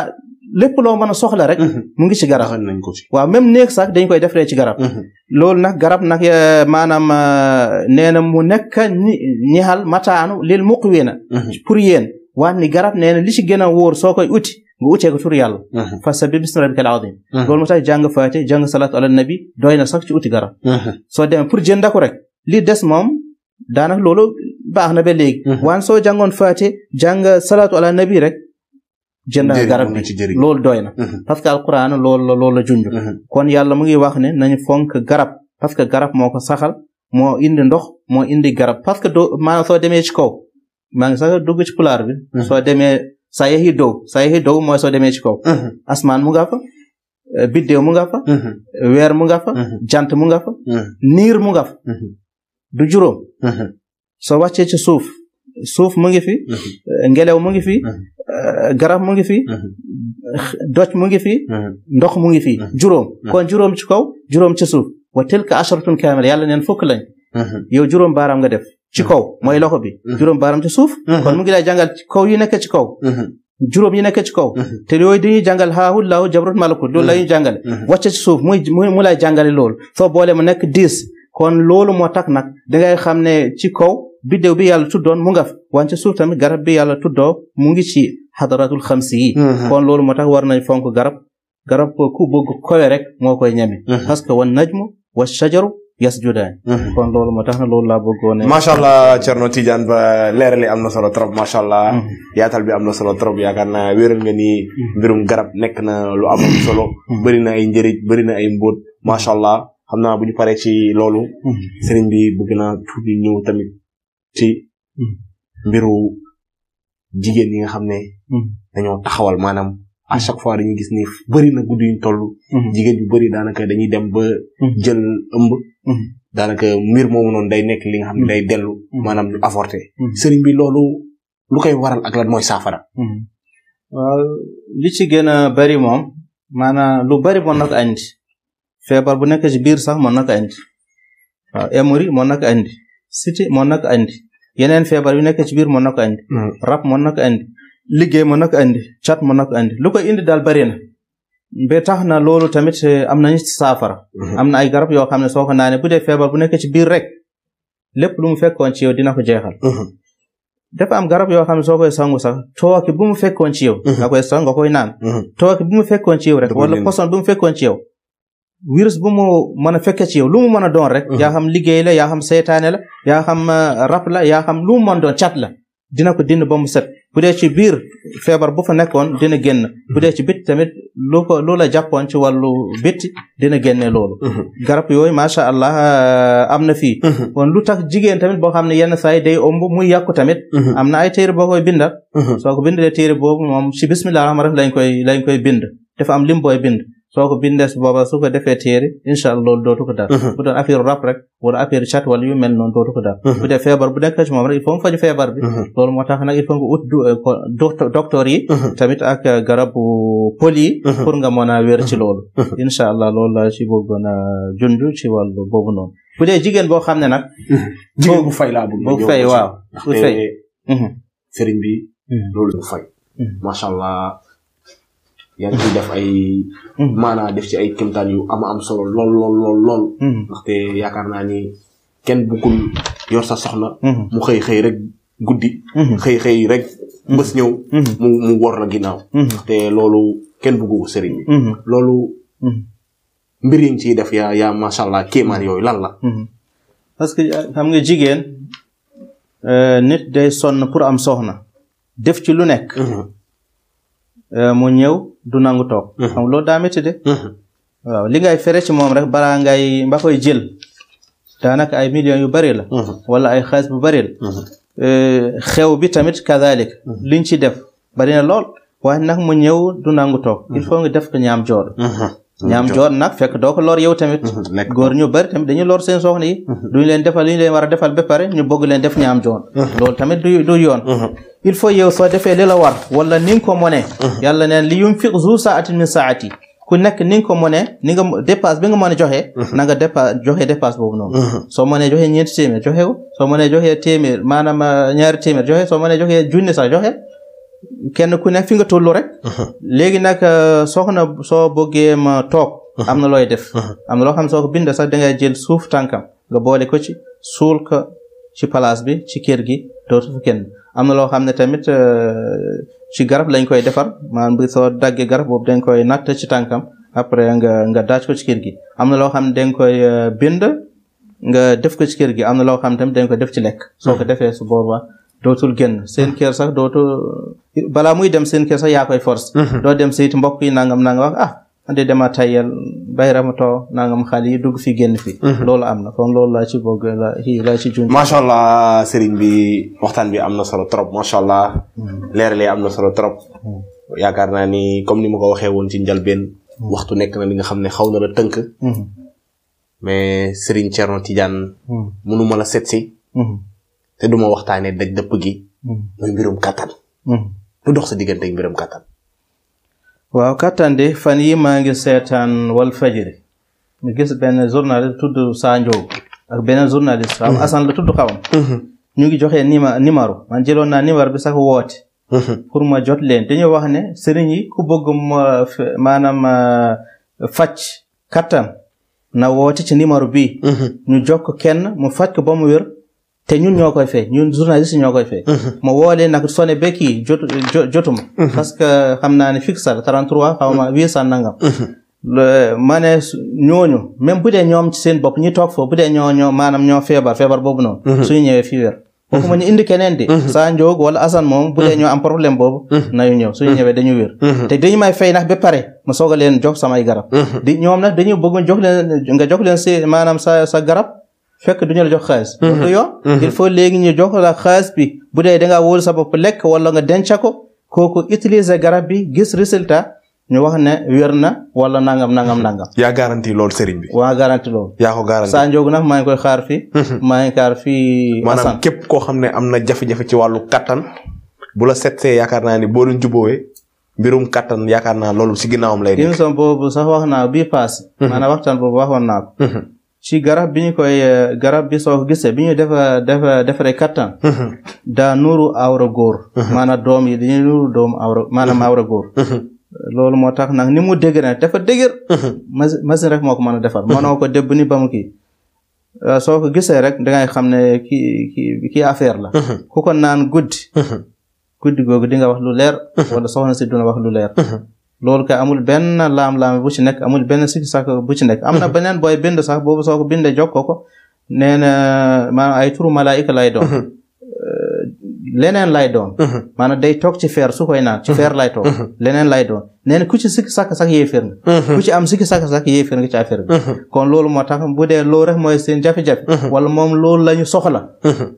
lépp loo mën a soxla rek. Mhm. mu ngi ci garab nañ ko waaw même néeg sax dañ koy defaree ci garab. Mhm. loolu nag garab nag eh, maanaam eh, nee na mu nekk ñi ñaxal mataanu lil muqwiina mhm. pour yéen wànni garab nee na li ci gën a wóor soo koy uti. nga utee ko tur yàlla fasabbih bismi rabbikal azim loolu moo tax jàng faate jàng salaatu ala nabi doy na sax ci uti garab soo demee pour jënda ko rek li des moom daana loolu baax na ba léegi waan soo jàngoon faate jàng salaatu ala rek jëndal garab bi loolu doy na mhm. parce que alquran loolu la loolu la mhm. kon yàlla mu ngi wax ne nañu fonk garab parce que garab moo ko saxal moo indi ndox moo indi garab parce que doo maanaam soo demee ci kaw maa ngi sax dugg pulaar bi mhm. soo demee saa yehi dow saa yehi soo demee ci kaw asmaan mu nga fa euh, mu nga weer mu nga jant mu nga fa niir mu nga du juróom soo wàccee ci suuf suuf mu ngi fi euh, mu ngi fi Euh, garab mu ngi fi. Mhm. doj mu ngi fi. Mhm. ndox mu ngi fi mhm. juróom. kon juróom ci kaw juróom ci suuf wa tilka asharatun kaamila yàlla neen fukk lañ. yow juróom baaraam nga def ci kaw mooy loxo bi. juróom baaraam ci suuf. kon mu ngi lay jàngal kaw yi nekk ci kaw. juróom yi nekk ci kaw te yooyu dañuy jàngal xaahul laahu jabrut malakut loolu la ñuy jàngale wàcce ci suuf muy mu lay jàngale lool soo boole mu nekk dix kon loolu moo tax nag dangay xam ne ci biddew bi yàlla tuddoon mu nga fa wante suuf tamit garab bi yàlla tuddoo mu ngi ci xadaratul xamsi yi uh-huh. kon loolu moo tax war nañ fonk garab garab ko ku bëgg kowe rek moo koy ñami uh-huh. parce que wan najmu wa shajaru yasjudaan uh-huh. kon loolu moo tax na loolu laa bëggoon macha allah Thierno Tidiane Ba leeral li am na solo trop macha allah yaatal bi am na solo trop yaakaar naa wéral nga ni mbirum garab nekk na lu am solo bëri na ay njëriñ bëri na ay mbóot macha allah xam naa bu ñu paree loolu sëriñ bi tamit ci mm. mbiru jigéen yi nga xam ne mm. dañoo taxawal maanaam mm. à chaque fois dañuy gis ni bari na guddi yuñ toll mm-hmm. jigéen yu bëri daanaka dañuy dem ba jël ëmb mm-hmm. daanaka mbir moomu noonu day nekk li nga xam ne mm-hmm. day dellu maanaam ñu avorté sëriñ bi loolu lu koy waral ak lan mooy saafara waaw li ci gën a bëri moom lu bari mën na ko andi feebar bu nekk ci biir sax mën na ko andi émori mën na ko cité mën na ko andi yeneen feebar yu nekk ci biir mën na ko andi. Hmm. rab mën ko andi liggéey mën na ko andi cat mën na ko andi lu koy indi daal bëri na. ba tax na loolu tamit eh, am nañu saafara. Hmm. am na ay garab yoo xam ne soo ko naanee bu dee feebar bu nekk ci biir rek lépp lu mu fekkoon ci yow dina ko jeexal. Hmm. dafa am garab yoo xam ne soo koy sangu sax tooke bu mu fekkoon ci yow. nga koy sangu koy naan. tooke bu mu fekkoon ci yow rek wala poson bu mu fekkoon ci yow. virus bu mu mën a fekkee ci yow lu mu mën a doon rek. Mhm. yaa xam liggéey la yaa xam seytaane la yaa xam euh, rab la yaa xam lu mu mën doon cat la dina ko dindi ba mu set bu dee ci biir feebar bu fa nekkoon dina génn bu dee ci bit tamit lu ko lu la jàppoon ci wàllu bit dina génne loolu. Mhm. garab yooyu macha allah euh, am na fi mhm. kon lu tax jigéen tamit boo xam ne yenn saa yi day ëmb muy yàqu tamit. am na ay téere boo koy bindal. soo ko bindalee téere boobu moom si bisimilah rahmaani rahiim lañ koy lañ koy bind dafa am lim booy bind. soo ko bindees booba su ko defee téere incha allah loolu dootu ko daal uh-huh. bu doon affaire rab rek wala affaire chat wala yu mel noonu dootu ko daal uh-huh. bu dee feebar bi uh-huh. loolu moo tax nag il faut nga ut euh, docteur yi tamit ak euh, garabu pol yi pour nga mën a wér ci loolu incha allah loolu laa ci bëggoon a junj ci wàllu boobu noonu bu dee jigéen boo xam ne na jigéen bu fay laa bëgg bu fay waaw bu fay sëriñ bi loolu bu fay macha allah yaa ngi ciy def ay. Hmm. maanaam def ci ay kéemtaan yu am am solo lool lool lool lool. Hmm. yaakaar naa ni kenn buggul yor sa soxna. Hmm. mu xëy xëy rek guddi. xëy xëy rek mbës ñëw. mu mu wor la ginnaaw. ndaxte loolu kenn buggu ko sëriñ bi. loolu. mbir yi ciy yaa yaa allah kéemaan yooyu lan la. parce que euh, xam nga jigéen euh, nit day sonn pour am soxna. def ci lu nekk. Euh, mu ñëw du nangu toog xam loolu daa métti de waaw li ngay moom rek balaa ngay mba jël daanaka ay millions yu bari la wala ay xaalis bu bari euh, xew bi tamit kazalik liñ ci def bari na lool waaye nag mu ñëw du nangu toog il faut nga def ko ñaam joor ñaam joor nag fekk doo ko lor yow tamit góor ñu bari tamit dañu lor seen soxna yi duñu leen defal li leen war defal ba pare ñu bëgg leen def ñaam joor loolu tamit du yoon il faut yow soo defee li war wala ni nga ko mënee mm-hmm. yàlla neen li yunfiq zu saatin min saati ku nekk ni nga ko mënee ni nga dépasse bi nga mën a joxe mm-hmm. nanga nga dépasse joxe dépasse boobu noonu mm-hmm. soo mënee joxe ñeenti téeméer joxe soo mënee joxe téeméer maanaam euh, ñaari téeméer joxe soo mënee joxe junne sax joxe kenn ku nekk fi nga tollu rek léegi nag euh, soxna soo bëggee ma toog am na looy def am na loo xam ne soo ko bind sax da ngay jël suuf tànkam nga boole ko ci suul ko ci place bi ci kër gi dootu fi kenn am na loo xam ne tamit euh, ci garab lañ koy defar maam bi soo daggee garab boobu dañ koy natt ci tànkam après nga nga daaj ko ci kër gi am na loo xam ne dañ koy euh, bind nga def ko ci kër gi am na loo xam ne tamit dañ koy def ci lekk soo ko defee su booba dootul génn seen kër sax dootul balaa muy dem seen kër sax yaa koy force mm-hmm. doo dem sayit mbokk yi nangam wax ah di dema tayal bayramto nangam xale yi dugg fi génn fi mhm. loolu am na kon loolu laa la i laa ci jun bi waxtaan bi am na solo trop macha allah mhm. leeralee am na solo trop mhm. yaakaar naa ni comme ni ma ko waxee woon ci njalbeen waxtu nekk na li nga xam ne xaw na la tënk mais sëriñ Thierno Tidiane mënuma la seet si te duma waxtaanee daj dëpp gi muy mbirum kàttan lu dox sa diggante ak mbirum kàttan waaw kattan de fan yi maa ngi seetaan wal fajiri mu gis benn journaliste tudd Sa Ndiogou ak beneen journaliste xam mhm. Assane la tudd xawam mhm. ñu ngi joxe nima numéro man jëloon naa numéro bi sax woote mhm. pour ma jot leen dañoo wax ne sëriñ yi ku bëgg ma faj kattan na woote ci numéro bi ñu jokk kenn mu faj ko ba mu wér te ñun ñoo koy fay ñun journaliste ñoo koy fay. ma woo leen nag sone ba kii jot jotuma. parce que xam naa ne fixe la 33 xaw ma 800 nangam. ma ne ñooñu même bu dee ñoom ci seen bopp ñi toog foofu bu dee ñoo ñoo maanaam ñoo feebar feebar boobu noonu. suñu ñëwee fii wér. waxuma ñu indi keneen de. saa njóog wala Assane moom bu dee ñoo am problème boobu. nañu ñëw suñu ñëwee dañu wér. te dañu may fay nag ba pare ma soog a leen jox samay garab. di ñoom nag dañu bëgg jox leen nga jox leen si maanaam sa sa garab. fekk du ñu la jox xaalis. du mhm. yoon. Mhm. il faut léegi ñu jox la xaalis bi bu dee da ngaa sa bopp lekk wala nga denca ko kooku utiliser garab bi gis résultat ñu wax ne weer na wala nangam nangam mhm. nangam. yaa garanti lool sëriñ bi. waa garanti lool. yaa ko garanti saa nag maa ngi koy xaar fii. maa ngi xaar fii. maanaam képp koo xam ne am na jafe-jafe ci wàllu kattan bu la seetsee yaakaar naa ni boo leen jubboowee mbirum kattan yaakaar naa loolu si ginnaawam lay. nekk émission boobu sax wax naa bii paas. maanaam waxtaan boobu waxoon naa ko. ci garab bi ñu ko euh, garab bi soo gisee bi ñu defa euh, defa euh, defaree kattan mhm. daa nuuru awra góor mhm. maana doom yi dañuy nuuru doom awra maanaam mhm. awra góor loolu moo tax nag ni mu dëgër nag dafa dëgër machine rek moo ko mën a defar mënoo ko débb ni ba mu soo ko gisee rek dangay xam ne kii kii kii affaire la ku ko naan guddi guddi googu di nga wax lu leer wala soxna si duna wax lu leer loolu kay amul benn laam-laam bu ci nekk amul benn sikki sàkk bu ci nekk am na beneen booy bind sax boobu soo ko bindee jokkoo ko nee na maanaam ay turu malaayika lay doon uh-huh. euh, leneen lay doon uh-huh. maanaam day toog ci feer sukoy koy naan ci feer uh-huh. lay toog leneen lay doon nee na ku ci sikki sàkk sax yéeféer nga ku am sikki sàkk sax yéeféer nga ci affaire bi kon loolu moo tax bu dee loolu rek mooy seen jafe-jafe wala moom loolu la ñu soxla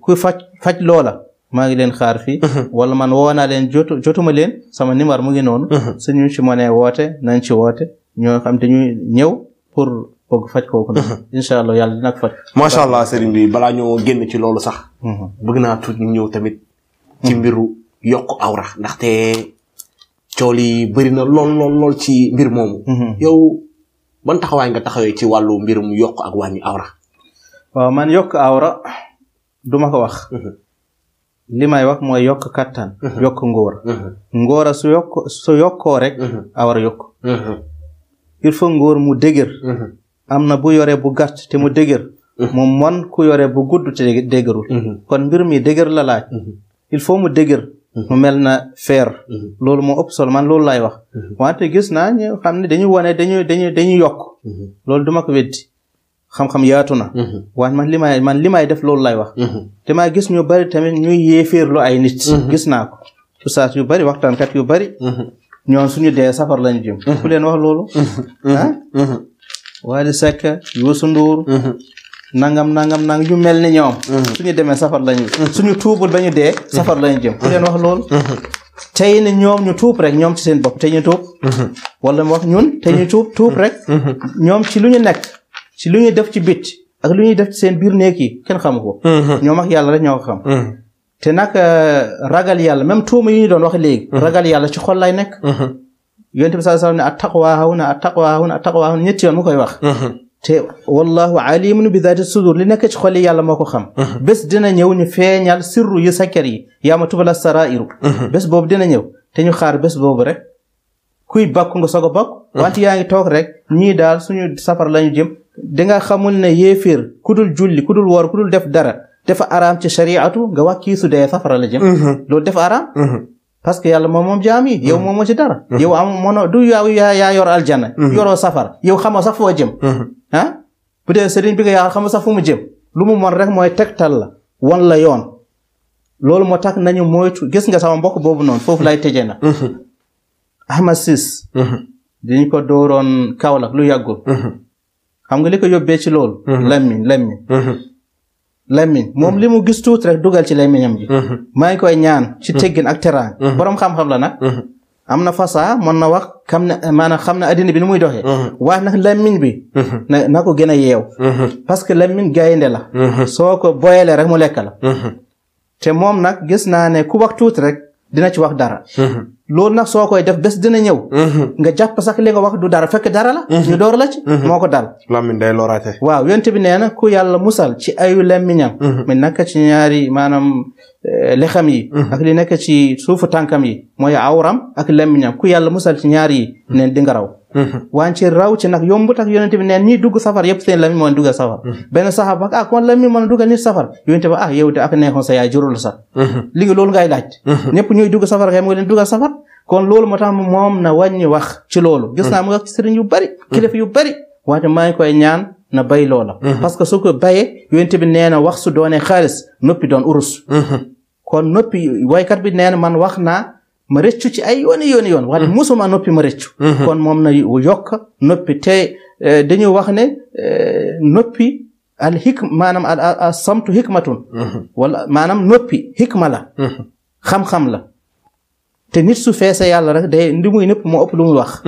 ku faj faj loola maa ngi leen xaar fii uh-huh. wala man woo naa leen jotu jotuma leen sama numéro mu ngi noonu uh-huh. suñu ci mënee woote nañ ci woote ñoo xam te ñuy ñëw pour bëgg faj kooku nag uh-huh. incha allah yàlla dina ko faj macha allah sëriñ balaa ñoo génn ci loolu sax bëgg naa tuuti ñu ñëw tamit ci mbiru yokk awra ndaxte cool yi bëri na lool lool lool ci mbir moomu yow ban taxawaay nga taxawee ci wàllu mu yokk ak wàññi awra waaw man yokk awra duma ko wax li may wax mooy yokk kattan. Uh-huh. yokk ngóora. Uh-huh. ngóora su su yokkoo rek. Uh-huh. a war a yokk. il faut ngóor mu dëgër. am na bu yore bu gàtt te mu dëgër. mu mon ku yore bu gudd te dëgërul. kon mbir mi dëgër la laaj. il faut mu dëgër. mu mel na feer. loolu moo ëpp solo man loolu laay wax. wante gis naa xam ne dañu wane dañu dañu dañu yokk. loolu duma ko weddi. xam-xam yaatu na mhm. waaye man li may man li may def loolu lay wax mhm. te maa gis ñu bari tamit ñuy yéeféerlu ay nit mhm. gis naa ko ustaas yu bari waxtaankat yu bari ñoom suñu dee safar lañ jëm leen wax loolu ah Wally Seck nangam nangam nangam ñu mel ni ñoom suñu demee safar lañu suñu tuubul ba ñu dee safar lañu jëm ku leen wax loolu tey ne ñoom ñu ñoom seen bopp tey tuub rek ñoom ci lu ñu nekk si lu ñuy def ci bit ak lu ñuy def ci seen biir néeg yi kenn xamu ko. Mm-hmm. ñoo ak yàlla rek ñoo ko xam. Mm-hmm. te nag euh, ragal yàlla même tuuma yi ñu doon wax léegi. Mm-hmm. ragal yàlla ci xol lay nekk. yonent bi sallallahu alayhi wasallam ne attaqwa hahuna attaqwa hahuna attaqwa hahuna ñetti yoon mu koy wax. te wallahu alimun bi daati sudur li nekk ci xol yi yàlla moo ko xam. bés dina ñëw ñu feeñal sirru yu sakkar yi yaa ma tubala sarairu. bés boobu dina ñëw te ñu xaar bés boobu rek kuy bakku nga soog a bakk. wante yaa ngi daal suñu safar lañu jëm. danga xamul ne yéeféer ku dul julli kudul wor woor def dara defa araam ci shariatu nga wax kii su safara la jëm mm-hmm. loolu dafa araam mm-hmm. parce que yàlla moom moom jaam yi yow moomoo ci dara mm-hmm. yow am moon du yow yaa yaa yor aljana yoroo safara yow xamoo sax foo jëm ah bu dee sëriñ bi nga yaa xamoo sax fu mu jëm lu mu mon rek mooy tegtal la won la yoon loolu moo tax nañu moytu gis nga sama mbokk boobu noonu foofu lay tëjee na Ahmad Sis diñ ko dooroon Kaolack lu yàggul xam nga li ko yóbbee ci loolu. lammiñ lammiñ. lammiñ mhm. moom mhm. li mu gis tuuti rek dugal ci lammiñam ji. Mhm. maa ngi koy ñaan ci teggin ak teraang. borom xam-xam la nag. am na fasaa mën na wax xam ne maanaam xam na addina bi ni muy doxee. waaye nag lammiñ bi. na na ko gën a yeew. parce que lammiñ gaynde la. soo ko boyalee rek mu lekk la. te moom nag gis naa ne ku wax tuuti rek. dina ci wax dara. Mm-hmm. loolu nag soo koy def bés dina ñëw. Mm-hmm. nga jàpp sax li nga wax du dara fekk dara la. Mm-hmm. ñu door la ci. moo ko dal. làmmiñ day loraate. waaw yonent bi nee na ku yàlla musal ci ayu làmmiñam. mi nekk ci ñaari maanaam eh, lexam yi. ak li nekk ci suufu tànkam yi mooy awram ak làmmiñam ku yàlla musal ci ñaari yi neen di nga raw. Mm-hmm. waan ci raw ci nag yombut ak yonente bi neen ñiy dugg safar yëpp seen lamiñ moo duggal safar mm-hmm. benn a ah, duggal nit safar yonente ba ah yow te ak sa yaay jurul sax mm-hmm. li nga loolu ngay laaj ñëpp ñuy dugg safar kay mu ngi leen duggal safar kon loolu moom na wàññi wax ci loolu gis naa mu nga sëriñ yu bari kilifa yu bari wante maa koy ñaan na bay loola parce que su ko bayee bi nee na su doonee xaalis noppi doon urus kon noppi waykat bi nee man wax naa ma reccu ci ay yooni yooni yoon wadde mm. musuma noppi ma reccu mm-hmm. kon moom na yokka noppi te eh, dañu wax ne eh, noppi al hikma maanaam al samtu hikmatun mm-hmm. wala maanaam noppi hikma la mm-hmm. xam-xam la te nit su feesee yàlla rek day ndi muy nëpp moo lu mu wax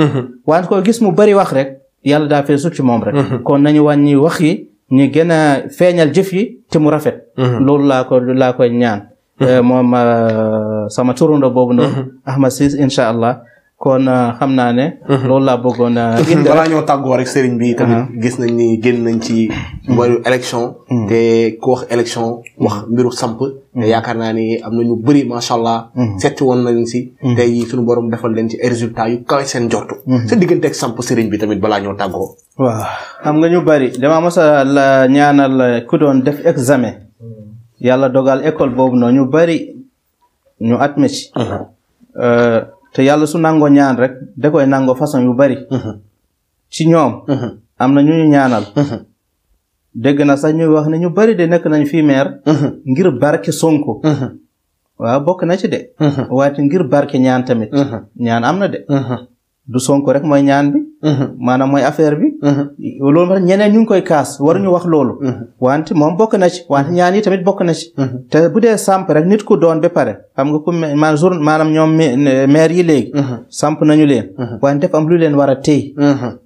wante ko gis mu bari wax rek yàlla daa feesut ci moom rek kon nañu wàññi wax yi ñu gën a feeñal jëf yi te mu rafet loolu laa ko laa koy ñaan Euh, moom euh, sama turando boobu noonu. Mhm. Ahmad Ciss incha allah. kon euh, xam naa ne. Mhm. loolu laa bëggoon a. indi balaa ñoo tàggoo rek sëriñ bi. tamit uh-huh. gis nañ ni génn nañ ci. mbiru mm. élection. Mm. te ku wax élection mm. wax mbiru samp. te yaakaar naa ni am na ñu bëri macha allah. seet woon nañ si. tey suñu borom defal leen ci ay résultats yu kawe seen jortu. sa digganteeg samp sëriñ bi tamit balaa ñoo tàggoo. waaw xam nga ñu bëri dama mos a ñaanal ku doon def examen. yàlla dogal école boobu noonu ñu bari ñu at ci uh-huh. euh, te yàlla su nangoo ñaan rek da koy nangoo façon yu bari uh-huh. ci ñoom uh-huh. am na ñu ñu ñaanal dégg na sax ñuy wax na ñu bari de nekk nañ fii maire ngir barke Sonko waaw bokk na ci de waaye ngir barke ñaan tamit ñaan am na de du sonko rek mooy ñaan bi. Mhm. maanaam mooy affaire bi. Mhm. loolu mooy ñeneen ñu ngi koy kaas war waruñu wax loolu. Mhm. wante moom bokk na ci wante ñaan yi tamit bokk na ci. te bu dee samp rek nit ku doon ba pare xam nga ku man jour maanaam ñoom maire yi léegi. samp nañu leen. wante dafa am lu leen war a téy.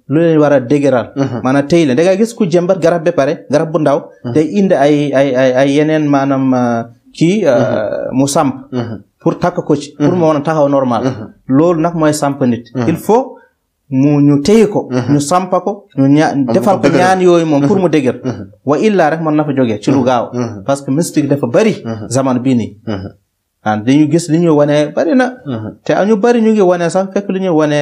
lu leen war a dégëral. maanaam téy leen da ngay gis ku jëmbat garab ba pare garab bu ndaw. day indi ay ay ay ay yeneen maanaam ah, kii ah, mu samp. pour takk ko ci. pour mu mën mhm. a taxaw normal. Mhm. loolu nag mooy samp nit. Mhm. il faut mu ñu téye ko. ñu sampa ko ñu ña defal ñaan yooyu moom pour mu dëgër. wa illa rek mën na fa jógee ci lu gaaw. parce que mystique dafa bari. zaman bii ni ah dañu gis li bari na. te ñu bari ñu ngi wane sax fekk li wane.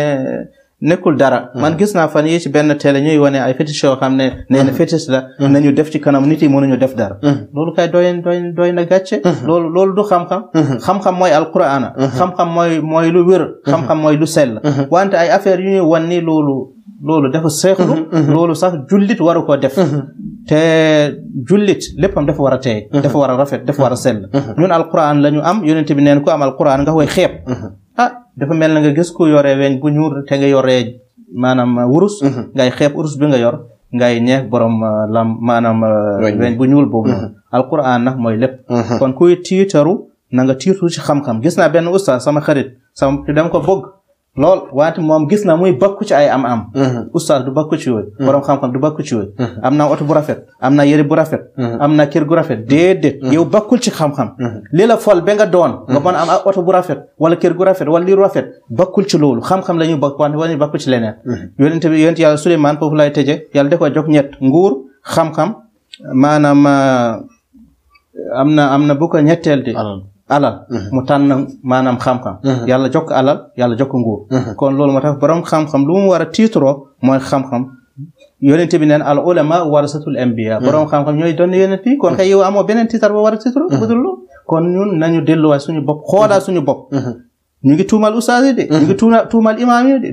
nekkul dara hmm. man gis naa fan yii ci benn télé ñuy wane ay fétiche yoo xam ne nee na hmm. fétiche la hmm. nañu def ci kanam nit yi mënuñu def dara loolu kay doy doy doy na gàcce loolu loolu du xam-xam xam-xam mooy alquraana xam-xam mooy mooy lu wér xam-xam mooy lu sell wante ay affaire yu ñuy wan ni loolu loolu dafa seexlu loolu sax jullit waru ko def te jullit léppam dafa war a teey dafa war a rafet dafa war a sell ñun alquran la ñu am yonente bi neen ko am alquran nga koy xeeb dafa mel na nga gis ku yore weñ gu ñuul te nga yore maanaam uh, wurus. Mm-hmm. ngay xeeb wurus bi nga yor ngay ñeex borom uh, lam maanaam. Uh, weñ gu ñuul boobu al mm-hmm. alquran nag mooy lépp. Mm-hmm. kon kuy tiitaru na nga ci xam-xam gis naa benn ustaas sama xarit sama dama ko bëgg. lool waate moom gis na muy bakku ci ay am am mhm. oustaz du bakku ci yooyu mhm. borom xam-xam du bakku ci yooyu mhm. am na oto bu rafet am na yëre bu rafet am na kër gu rafet déedéet yow bakkul ci xam-xam li la fol ba nga doon a oto bu rafet wala kër gu rafet wala liiru rafet bakkul ci loolu xam-xam la ñuy bakk wante wala ci leneen yonente bi yonente yàlla Suleymaan foofu lay tëje yàlla da ko jox ñett nguur xam-xam maanaam eh, am na am na bu ko ñetteel di alal mhm. mu tànn maanaam xam-xam mhm. yàlla jokk alal yàlla jokk nguur mhm. kon loolu moo tax borom xam-xam lu mu war a tiitroo mooy xam-xam yonente bi neen al ulama warasatul anbiya borom xam-xam ñooy doon yonent kon kay yow amoo beneen tiitar boo war a tiitroo budul lu kon ñun nañu suñu bop xoolaa suñu bopp ñu ngi tuumal ustaas yi de ñu ngi tuuma tuumal imaam yi de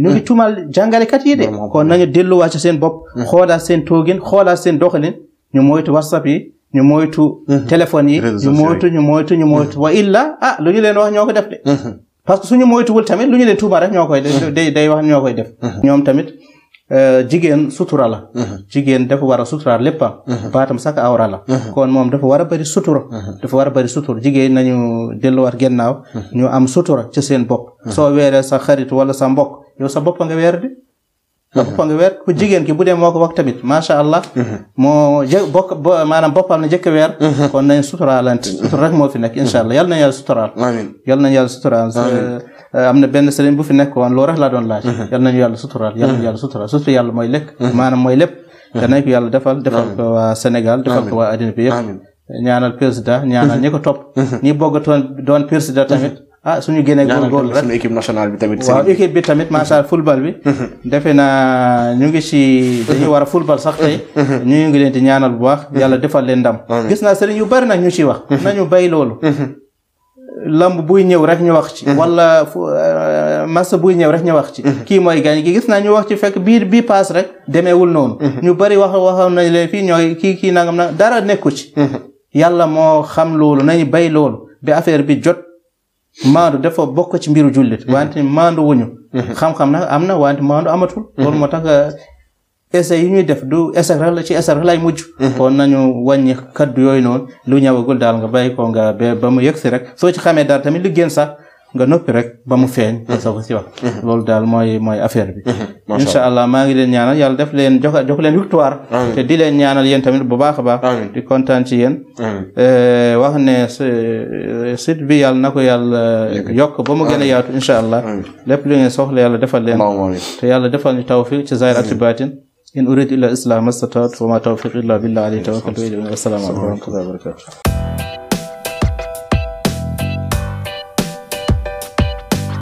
yi de kon nañu delluwaay ci seen bopp xoolaa seen toogin xoolaa seen doxalin ñu moytu whatsapp ñu moytu. Mhm. téléphone yi ñu moytu ñu moytu ñu mhm. moytu wa illa a ah, lu ñu leen wax ñoo ko def de. Mhm. parce que suñu moytuwul tamit lu ñu leen tuuba rek ñoo koy def day day wax ñoo koy def. ñoom tamit euh, jigéen sutural la. jigéen dafa war a suturaal léppam. baatam sax awra la. kon moom dafa war a bëri sutura. dafa war a bëri sutura jigéen nañu delluwaat gennaaw ñu am sutura ci seen bopp. soo weeree sa xarit wala sa mbokk yow sa bopp nga weer de. ëpp ko nga weer ku jigéen ki bu dee moo ko wax tamit macha allah mm-hmm. moo jë bokk maanaam boppam ne jëkk weer mm-hmm. kon nañ suturaalante sutur rek moo fi nekk incha allah yal nañ yàlla suturaal amiin suturaal euh, euh, am na benn sëriñ bu fi nekk woon loolu rek laa doon laaj mm-hmm. yal nañu yàlla suturaal yal nañu yàlla suturaal surtout yàlla mooy lekk maanaam mooy lépp te nañ ko yàlla defal defal ko waa Sénégal defal ko waa addina bi ñaanal président ñaanal ñi ko topp ñi bëgg doon président tamit ah suñu génnee góorgóorlu rek suñu bi tamit. waaw équipe bi tamit macha allah football bi. ñu ngi si. dañu war a football sax tey. Uh-huh. ñu ngi leen di ñaanal bu baax. Uh-huh. yàlla defal leen ndam. gis na sëriñ yu bari na ñu si wax. Uh-huh. nañu bay loolu. lamb buy ñëw rek ñu wax ci. wala uh, massa buy ñëw rek ñu wax kii mooy gaañ gi gis na ñu wax ci fekk bii bii paas rek wul noonu. ñu bari wax waxoon nañ leen fii ñooy kii kii nangam nag dara nekku ci. yàlla moo xam loolu nañu bay loolu bi affaire bi jot. maandu dafa bokk ci mbiru jullit mm-hmm. wante maandu wuñu mm-hmm. xam-xam na am na wante maandu amatul mm-hmm. loolu moo tax euh, essai yi ñuy def du essai rek la ci essai lay mujj kon nañu wàññi kaddu yooyu noonu lu ñëwagul daal nga bàyyi ko nga ba mu yëg si rek soo ci xamee daal tamit lu gën sax nga noppi rek ba mu feeñ nga si wax loolu daal mooy mooy bi insha mhm. allah maa ngi leen ñaanal yàlla def leen jox jox leen victoire te di leen ñaanal yéen tamit bu baax a baax di kontaan ci yéen eh, wax ne eh, site bi yàlla na ko yàlla yokk ba mu gën a yaatu insha allah lépp li ngeen soxla yàlla defal leen te yàlla defal ñu tawfiq ci zahir ak ci baatin in uridu illa islam astataat wa ma tawfiq illa billah alayhi tawakkaltu wa salaamu alaykum wa rahmatullahi wa